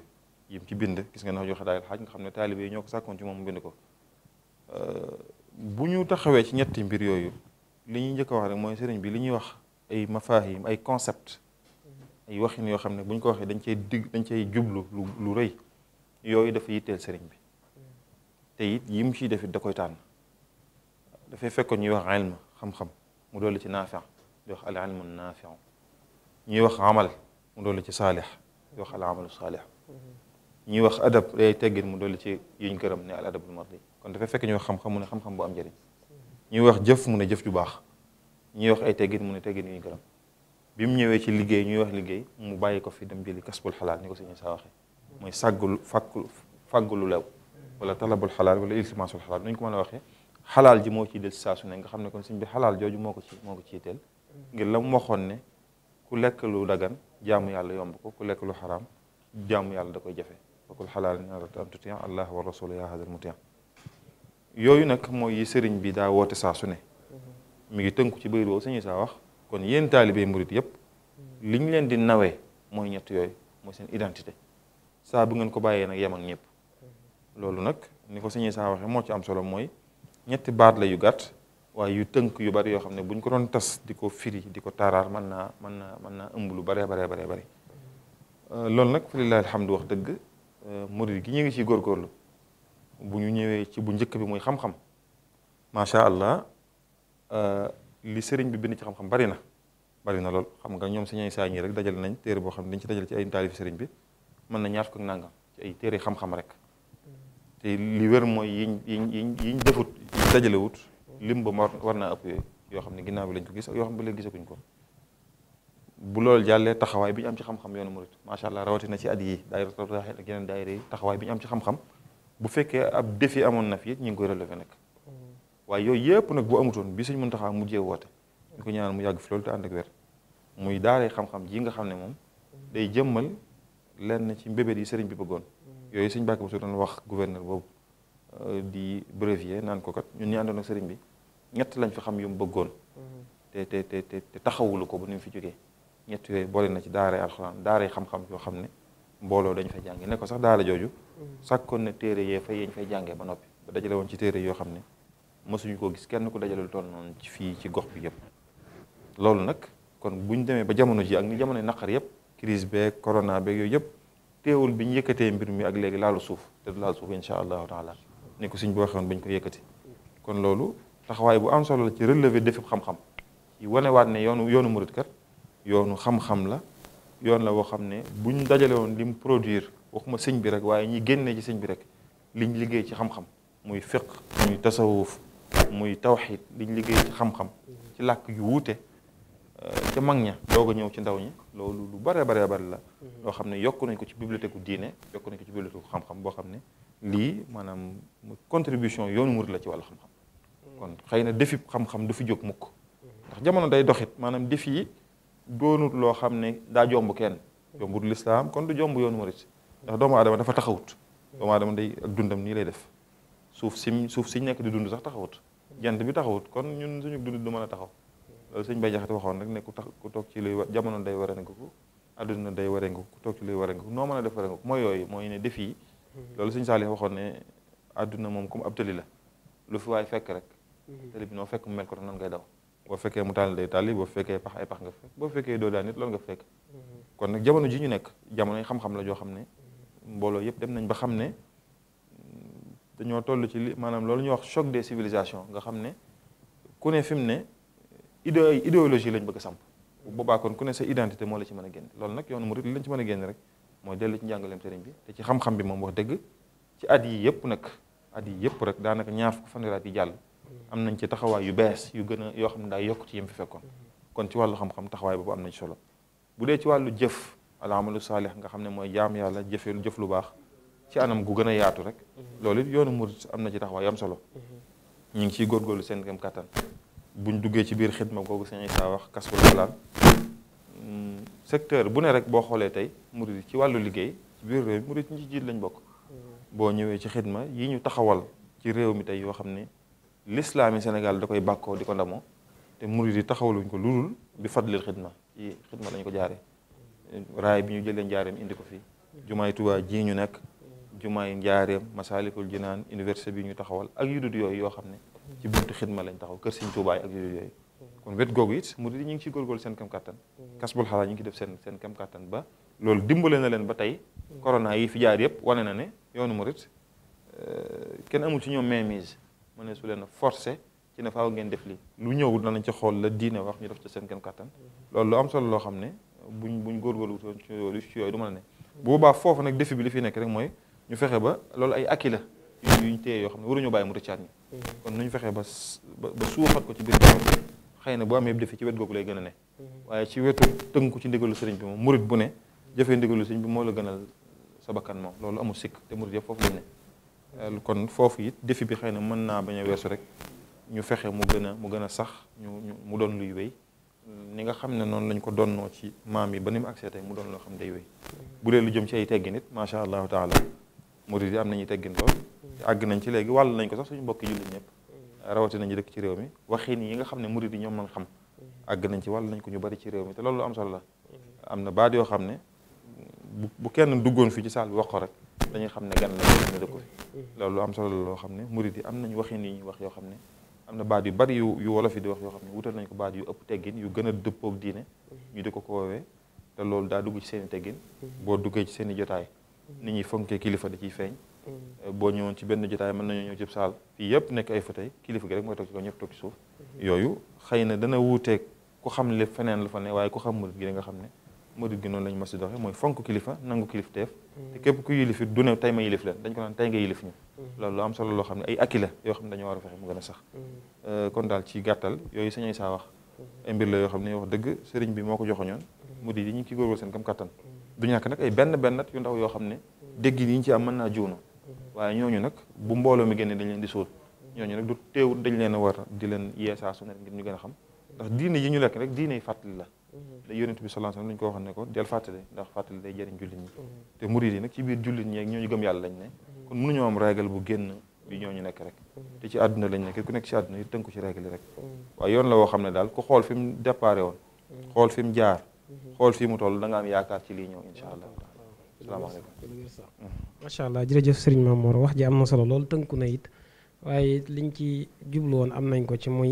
D: yim ci bind gis nga na joxe daal xaaj nga xam ne taalibe yi ñoo ko sàkkoon ci moom mu bind ko eh, bu ñu taxawee ci ñetti mbir yooyu li ñuy njëkk a wax rek mooy sëriñ bi lu ñuy wax ay mafahim ay concept ay waxin yoo xam ne bu ñu ko waxee dañ cey dig dañ cey jublu lu lu rëy yooyu dafa yitteel sëriñ bi te it yi mu ciy defit da koy tànn dafay fekkoon ñuy wax ilm xam-xam mu dolli ci naafi di wax al ilmu naafi ñuy wax amal mu dolli ci saalix ñuy wax al amalu saalix ñuy wax adab day teggin mu dolli ci yuñ gërëm ne al adabul mardi kon dafay fekk ñuy wax xam-xam mu ne xam-xam bu am njëriñ ñuy wax jëf mu ne jëf ju baax ñuy wax ay teggin mu ne teggin yuñ gërëm bi mu ñëwee ci liggéey ñuy wax liggéey mu bàyyi ko fi dem jëli kasbul xalaal ni ko suñu saa waxee mooy sàggul fàggul fàggulu lew wala talabul xalaal wala iltimaasul xalaal nuñ ko mën a waxee xalaal ji moo ciy del saa nga xam ne kon suñ bi xalaal jooju moo ko ci moo ko ciiteel ngir la mu waxoon ne ku lekk lu dagan jaamu yàlla yomb ko ku lekk lu xaraam jaamu yàlla da koy jafe fakul xalaal in aradta an tutia allah wa rasulu yaa hadal mutia yooyu nag mooy yi sëriñ bi daa woote saa su ne mu ngi tënku ci bayit woowu sañu saa wax kon yéen taalibey murit yépp li ñu leen di nawee mooy ñetti yooyu mooy seen identité saa bu ngeen ko bàyyee nag yem ak ñëpp loolu nag ni ko sañu saa waxee moo ci am solo mooy ñetti baat la yu gàtt waaye yu tënk yu bari yoo xam ne buñ ñu ko doon tas di ko firi di ko taaraar man naa mën na mën naa ëmb lu baree baree baree euh, bëri loolu nag fa lillahi alhamdu wax dëgg euh, murid gi ñu ngi ciy góorgóorlu bu ñu ñëwee ci bu njëkk bi mooy xam-xam macha allah euh, li sëriñ bi bind ci xam-xam bari na bari na lool xam nga ñoom sañay saa ñi rek dajale nañ téere boo xam ne dañ ci dajale ci ay taalif sëriñ bi mën na ñaar fukk ak nangam ci ay téere xam-xam rek te li wér mooy yiñ yiñ yiñ defut lim ba ma war naa yooyu yoo xam ne ginnaaw bi lañ ko gis ak yoo xam ne ba léegi gisaguñ ko bu loolu jàllee taxawaay biñ am ci xam-xam yoonu macha allah rawatina ci at yi daayira taxawaay bi ñu am xam-xam bu fekkee ab défi amoon na fi it ñu ngi koy relever nag waaye yooyu yëpp nag bu amutoon bi Sëñ Muntaxa mujjee woote ñu ko ñaanal mu yàgg fi loolu te ànd ak wér muy daaree xam-xam ji nga xam ne moom day jëmmal lenn ci mbébét yi sëriñ bi bëggoon mm. yooyu Sëñ Bàkke ba su doon wax gouverneur boobu di brevier naan ko kat ñun ñu àndoon ak sëriñ bi ñett lañ fi xam yu mu bëggoon. te te te te taxawulu ko ba nu mu fi jógee ñett yooyu boole na ci daaray alxuraan daaray yoo xam ne mbooloo dañ fay jàngee ne ko sax daara jooju. sàkkoon na téere yee fa yéen fay jàngee ba noppi dajale woon ci téere yoo xam ne mësuñu koo gis kenn ku dajale lu noonu ci fii ci gox bi yëpp. loolu nag kon bu ñu demee ba jamono ji ak ni jamono naqar yëpp crise be corona be yooyu yëpp teewul bi ñu yëkkatee mbir mi ak léegi laalu suuf te du laal suuf incha allahu taala ni ko suñ boo waxee woon bañ ko yëkkati kon loolu taxawaay bu am solo la ci relever défi xam-xam wane waat ne yoonu yoonu murit kat yoonu xam-xam la yoon la woo xam ne buñ dajale woon li mu produire waxuma sëñ bi rek waaye ñi génnee ci sëñ bi rek liñ liggéey ci xam-xam muy fiq muy tasawuf muy tawxid liñ liggéey ci xam-xam ci làkk yu wuute euh, ca mag ña doog a ñëw ci ndaw ñi loolu lu bare bare bare la mm-hmm. loo xam ne yokk nañ ko ci bibliothèque diine yokk nañ ko ci bibliothèque xam boo xam ne lii maanaam contribution yoonu murid la ci wàllu xam-xam kon xëy na defi xam-xam du fi jóg mukk ndax jamono day doxit maanaam defi yi doonut loo xam ne daa jomb kenn jombut lislaam kon du jomb yoonu murid ndax doomu aadama dafa taxawut doomu aadama day ak dundam lay def suuf si suuf si nekk di dund sax taxawut jant bi taxawut kon ñun suñu dund du mën a taxaw loolu sëñ Bay Jaxate waxoon rek ne ku ku toog ci luy jamono day waree nga ko àdduna day waree nga ko ku toog ci luy waree nga ko noo mën a def waree Mhm. loolu suñu saalix waxoon ne àdduna moom comme ab tëli la lu fi waay fekk rek mhm. tëli bi noo fekk mu mel ko nan ngay daw boo fekkee mu taal day tàlli boo fekkee pax ay pax nga fekk boo fekkee doo daan nit loolu nga fekk mhm. kon nag jamono ji ñu nekk jamono yi xam-xam la joo xam ne mbooloo yëpp dem nañ ba xam ne dañoo toll ci li maanaam loolu ñuy wax choc des civilisations nga xam ne ku ne fi mu ne idée idéologie lañ bëgg a samp boobaa kon ku ne sa identité moo la ci mën a génn loolu nag yoonu mu lañ ci mën a génn rek mooy dellu ci njàngaleem sëriñ bi te ci xam-xam bi moom wax dëgg ci at yi yëpp nag at yi yëpp rek daanaka ñaar fukk fanweeri at yi jàll am nañ ci taxawaay yu bees yu gën a yoo xam ne daay yokk ci yem fi fekkoon kon ci wàllu xam taxawaay boobu am nañ solo bu dee ci wàllu jëf alamalu saalih nga xam ne mooy jaam yàlla jëfe jëf lu baax ci anam gu gën a yaatu rek loolu it yoonu murit am na ci taxawaay am solo ñu ngi ciy góor góorlu seen kem kattan buñ duggee ci biir xidma googu seen saa wax kasbul xalaal Hmm, secteur bu ne rek boo xoolee tey murid ci wàllu liggéey ci biir réew ñi ci jiit lañ bokk hmm. boo ñëwee ci xidma yi ñu taxawal ci réew mi tey yoo xam ne lislaami Sénégal da koy bàkkoo di ko ndamoo te murid yi taxawaluñ ko lulul bi fadlil xidma ci xidma lañ ko jaaree raay bi ñu jëlee njaareem indi ko fii yi Tuubaa jii ñu nekk jumaay njaareem masaalikul jinaan université bi ñu taxawal ak yu yooyu yoo xam ne ci buntu xidma lañ taxaw kër Sëñ Tuubaa ak yooyu kon wet googu it mu di ñu ngi ciy góorgóorlu seen kam kattan mm-hmm. kasbul xalaal ñu ngi ci def seen seen kam kattan ba loolu dimbale na leen ba tey mm-hmm. corona yi fi jaar yëpp wane na ne yoonu murit eh, kenn amul ci ñoom mainmise ma ne su leen a forcé ci ne faaw ngeen def li lu ñëwul danañ ci xool la diine wax ñu def ci seen kam kattan mm-hmm. loolu lu am solo loo xam ne buñ buñ góorgóorlu ci loolu ci yooyu du mën a ne bu boobaa foofu nag défi bi li fi nekk rek mooy ñu fexe ba loolu ay akki la yu yoo xam ne waruñoo bàyyi mu rëccaat ñi kon nuñu ba ba suuxat ko ci biir xëy na boo amee defe ci wet googu lay gën a ne mm-hmm. waaye ci wetu ko ci ndigalu sëriñ bi moom murit bu ne jëfee ndigalu sëriñ bi moo la gënal sa bakkan moom loolu amul sikk te murit yëpp foofu lañ ne euh, kon foofu it defi bi xëy na mën naa bañ a weesu rek ñu fexe mu gën a mu gën a sax ñu mu doon luy wéy ni nga xam ne noonu lañ ko donnoo ci maam yi ba ni mu agsee tey mu doon loo xam day wéy mm-hmm. bu dee lu jëm ci ay teggi nit macha allahu taala murid yi am nañuy teggin lool te mm-hmm. àgg nañ ci léegi wàll nañ ko sax suñu mbokki jullit ñëpp rawatina ñu dëkk ci réew mi waxin yi nga xam ne murid yi ñoom lañ xam àgg nañ ci wàll nañ ko ñu bari ci réew mi te loolu am solo la am na baat yoo xam ne bu kenn duggoon fii ci saal wax ko rek dañuy xam ne gan la ñu dëkk am solo loo xam ne murid yi am nañ waxin yi ñuy wax yoo xam ne am na baat yu bari yu yu wolof yi di wax yoo xam ne wutal nañ ko baat yu ëpp teggin yu gën a dëppoog diine ñu di ko ko woowee te loolu daa dugg ci seen teggin boo duggee ci seen i jotaay nit ñuy fonkee kilifa da ciy feeñ Euh, boo ñëwoon ci benn jotaay mën nañoo ñëw ci saal fii yëpp nekk ay fauteuil kilifa gi rek mooy toog ci kaw ñëpp toog ci suuf yooyu xëy na dana wuuteeg ku xam li feneen la fa ne waaye ku xam murid gi da nga xam ne murid gi la ñu di mooy fonk kilifa nangu kilif teef te du ne tey ma yilif dañ ko naan tey nga yilif ñu mm. loolu am solo loo xam ne ay akki la yoo xam ne dañoo war a fexe mu gën a sax mm. euh, kon daal ci gàttal yooyu sañoy saa wax ay mbir la yoo xam ne wax dëgg sëriñ bi moo ko joxoñoon mm. murid di ñu ngi ci góorgóorlu seen kam kattan du ñàkk nag ay benn benn yu ndaw yoo xam ne dégg yi ñu ci am mën naa juunu waaye ñooñu nag bu mbooloo mi génnee dañ leen di suul ñooñu nag du teewut dañ leen a war di leen yeesaa su ne ngir ñu gën a xam ndax diine yi ñu nekk rek diine yi fàttali la da mhm. yonent bi ko waxoon ne ko del fàttali ndax fàttali day jëriñ jullit ñi mhm. te murid yi nag ci biir jullit ñi ñooñu gëm yàlla lañ ne mhm. kon mënuñoo am règle bu génn bi ñooñu nekk rek te ci àdduna lañ nekk ku nekk ci àdduna yi tënku ci règle yi rek waaye yoon la woo xam ne daal ku xool fi mu déparé woon xool mu jaar xool fi mu toll da nga am yaakaar ci lii ñëw insha allah salaamaaleykum
B: macha allah jërëjëf sëriñ Mamor wax ji am na solo loolu tënku na it waaye liñ ci jublu woon am nañ ko ci muy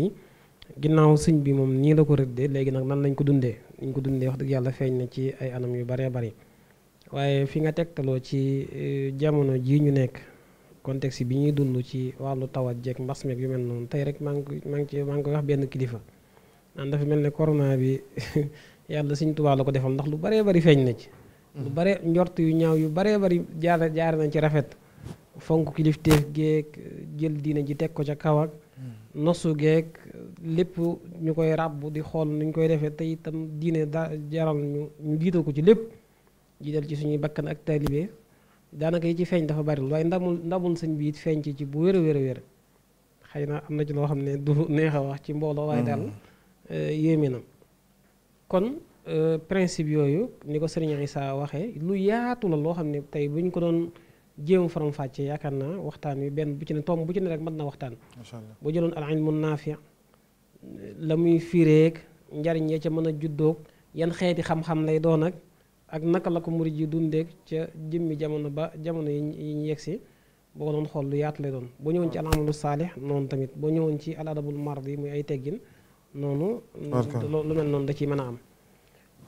B: ginnaaw sëñ bi moom nii la ko rëddee léegi nag nan lañ ko dundee niñ ko dundee wax dëgg yàlla feeñ na ci ay anam yu baree bari waaye fi nga tegtaloo ci e, jamono jii ñu nekk contexte bi ñuy dund ci wàllu tawat jeeg mbas meeg yu mel noonu tey rek maa ngi maa ngi ci koy wax benn kilifa naan dafa mel ne corona bi yàlla sëñ Tuubaa la ko defal ndax lu baree bari feeñ na ci lu bare njort yu ñaaw yu baree bari jaar jaar nañ ci rafet fonk kilifteef geeg jël diine ji teg ko ca kawak ak nosu geeg lépp ñu koy ràbb di xool nuñ koy defee te itam diine da jaral ñu ñu ko ci lépp jiital ci suñuy bakkan ak taalibe daanaka yi ci feeñ dafa bari waaye ndamul ndamul sëñ biit feeñ ci ci bu wér a wér a wér xëy na am na ci loo xam ne du neex a wax ci mbooloo waaye daal mm. eh, yéeme kon Euh, principe yooyu ni ko sëriñ sa waxee lu yaatu la loo xam ne tey bu ñu ko doon jéem faram fàcce yaakaar naa waxtaan wi benn bu ci ne tomb bu ci ne rek mat na waxtaan boo jëloon al ilmu naafi la muy fiireek njariñ ya ca mën a juddook yan xeeti xam-xam lay doon ak ak naka la ko murid yi dundeeg ca jëmmi jamono ba jamono yi ñu yegsi boo ko doon xool lu yaatu lay doon boo ñëwoon ci al amalu saalih noonu boo ñëwoon ci al adabul mardi muy ay teggin noonu lu mel noonu da ciy mën a am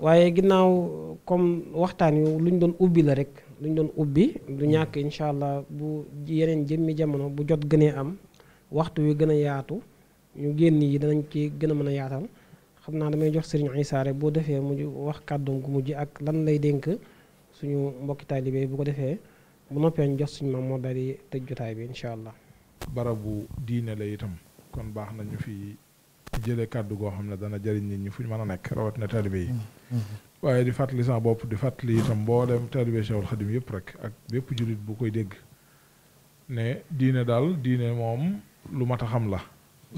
B: waaye ginnaaw comme waxtaan yu luñ doon ubbi la rek luñ doon ubbi du hmm. ñàkk incha allah bu yeneen jëmmi jamono bu jot gënee am waxtu wi gën a yaatu ñu génn yi danañ ci gën a mën a yaatal xam naa damay jox sëriñ Issa rek boo defee mujj wax kàddoom mujj ak lan lay dénk suñu mbokki taalibe bu ko defee bu noppee ñu jox suñu maam moo daal di tëj jotaay bi incha allah.
C: barabu diine la itam kon baax na ñu fi jëlee kàddu goo xam ne dana jëriñ nit ñi fu ñu mën a nekk na taalibe yi. Hmm. waaye di fàttali sama bopp di fàttali itam mboolem taalibe Cheikhul Khadim yëpp rek ak bépp jullit bu koy dégg ne diine daal diine moom lu mat a xam la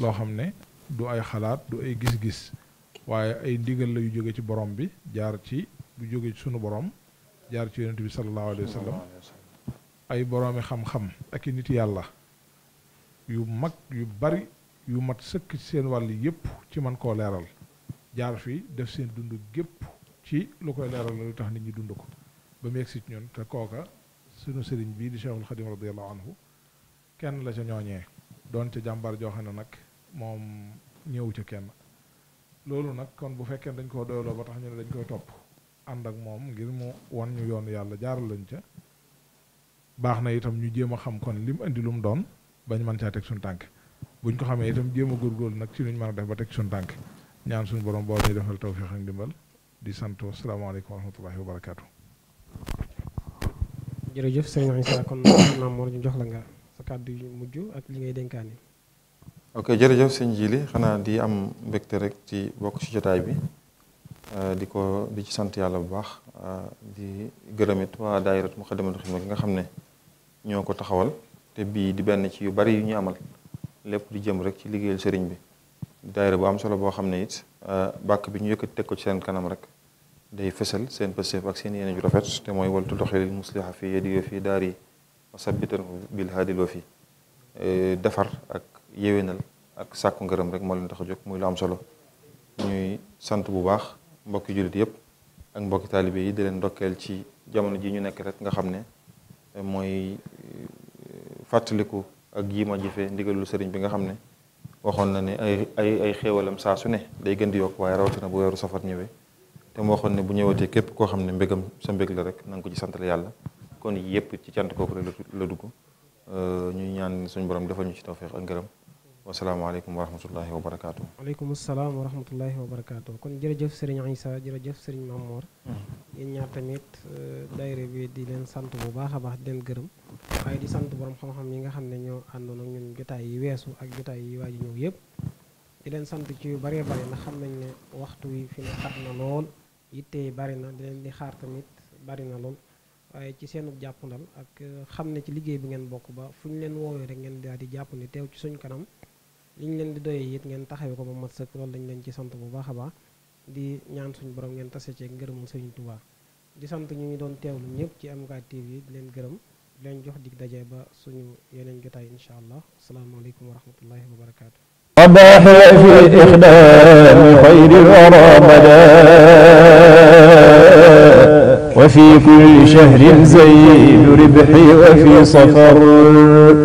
C: loo xam ne du ay xalaat du ay gis-gis waaye ay ndigal la yu jóge ci borom bi jaar ci bu jóge sunu borom jaar ci yonent bi sallallahu alayhi wa sallam ay boroomi xam-xam ak i nit yàlla yu mag yu bari yu mat sëkk ci seen wàll yépp ci man koo leeral jaar fii def seen dund gépp ci lu koy leeral lu tax nit ñi dund ko ba mu yegsi ci ñun te kooka sunu sëriñ bii di Cheikhul Khadim radiyallahu anhu kenn la ca ñooñee doon ca jàmbar joo xam ne nag moom ñëwu ca kenn loolu nag kon bu fekkee dañ koo doyloo ba tax ñu ne dañ koy topp ànd ak moom ngir mu won ñu yoon yàlla jaaral lañ ca baax na yitam ñu jéem a xam kon lim indi lu mu doon bañ mën caa teg suñu tànk buñ ko xamee itam jéem a góorgóorlu nag ci luñ mën a def ba teg suñu tànk ñaan suñu borom boo ñu defal tawfiq ak ndimbal di sant asalaamaaleykum wa rahmatullahi wa barakaatu.
B: jërëjëf sëñ ñu jox la nga sa kàddu yu mujj ak li ngay dénkaani.
D: jërëjëf sëñ Jili xanaa di am mbégte rek ci bokk ci jotaay bi euh, di ko di ci sant yàlla bu baax euh, di gërëmit waa daayirat Muxaddamatul Xidma gi nga xam ne ñoo ko taxawal te bii di benn ci yu bari yu ñu amal lépp di jëm rek ci liggéeyal sëriñ bi. daayira bu am solo boo xam ne it euh, bàkk bi ñu yëkkati teg ko ci seen kanam rek day fësal seen pëstéef ak seen yéene ju rafet te mooy waltu doxilil musliha fi yadi wa fi daari wa sabbitan bil haadil fi euh, defar ak yéwénal ak sàkku ngërëm rek moo leen tax a jóg muy lu am solo ñuy sant bu baax mbokki jullit yëpp ak mbokki taalibe yi di leen ndokkeel ci jamono ji ñu nekk rek nga xam ne euh, mooy fàttaliku ak jiima jëfe ndigalul sëriñ bi nga xam ne waxoon na ne ay ay ay xéewalam saa su ne day gën di yokk waaye rawatina bu weeru safar ñëwee te mu waxoon ne bu ñëwatee képp koo xam ne mbégam sa mbég la rek na ko ci santal yàlla kon yëpp ci cant kooku la la duggu euh, ñuy ñaan suñu borom defal ñu ci tawfeex ak ngërëm wasalaamaaleykum wa rahmatullahi wa barakaatu.
B: waaleykum salaam wa rahmatullahi wa kon jërëjëf sëriñ Issa jërëjëf sëriñ Mamour. Hmm. yéen tamit euh, daayira bi di leen sant bu baax a baax di leen gërëm. waaye sant borom xam-xam yi nga xam ne ñoo àndoon ak ñun jotaay yi weesu ak jotaay yi waaj ñëw yëpp. di leen sant ci yu bëree bëri xam nañ ne waxtu wi fi ne na lool yitte yi bëri na di leen di xaar tamit bëri na lool. waaye ci seenu jàppandal ak euh, xam ne ci liggéey bi ngeen bokk ba fu ñu leen woowee rek ngeen daal di jàpp ni teew ci suñ kanam liñ leen di doyee it ngeen taxawee ko ba mat sëkk loolu dañ leen ci sant bu baax a baax di ñaan suñu borom ngeen tase ci ngërëmul Sëriñ Tuubaa di sant ñu doon teewlu ñëpp ci MK TV di leen gërëm di leen jox dig daje ba
A: suñu yeneen jotaay insha allah asalaamaaleykum wa rahmatullahi wa barakaatu abaxya fi ixdami xayri wara bada wa fi kulli shahrin zayd ribxi wa fi safar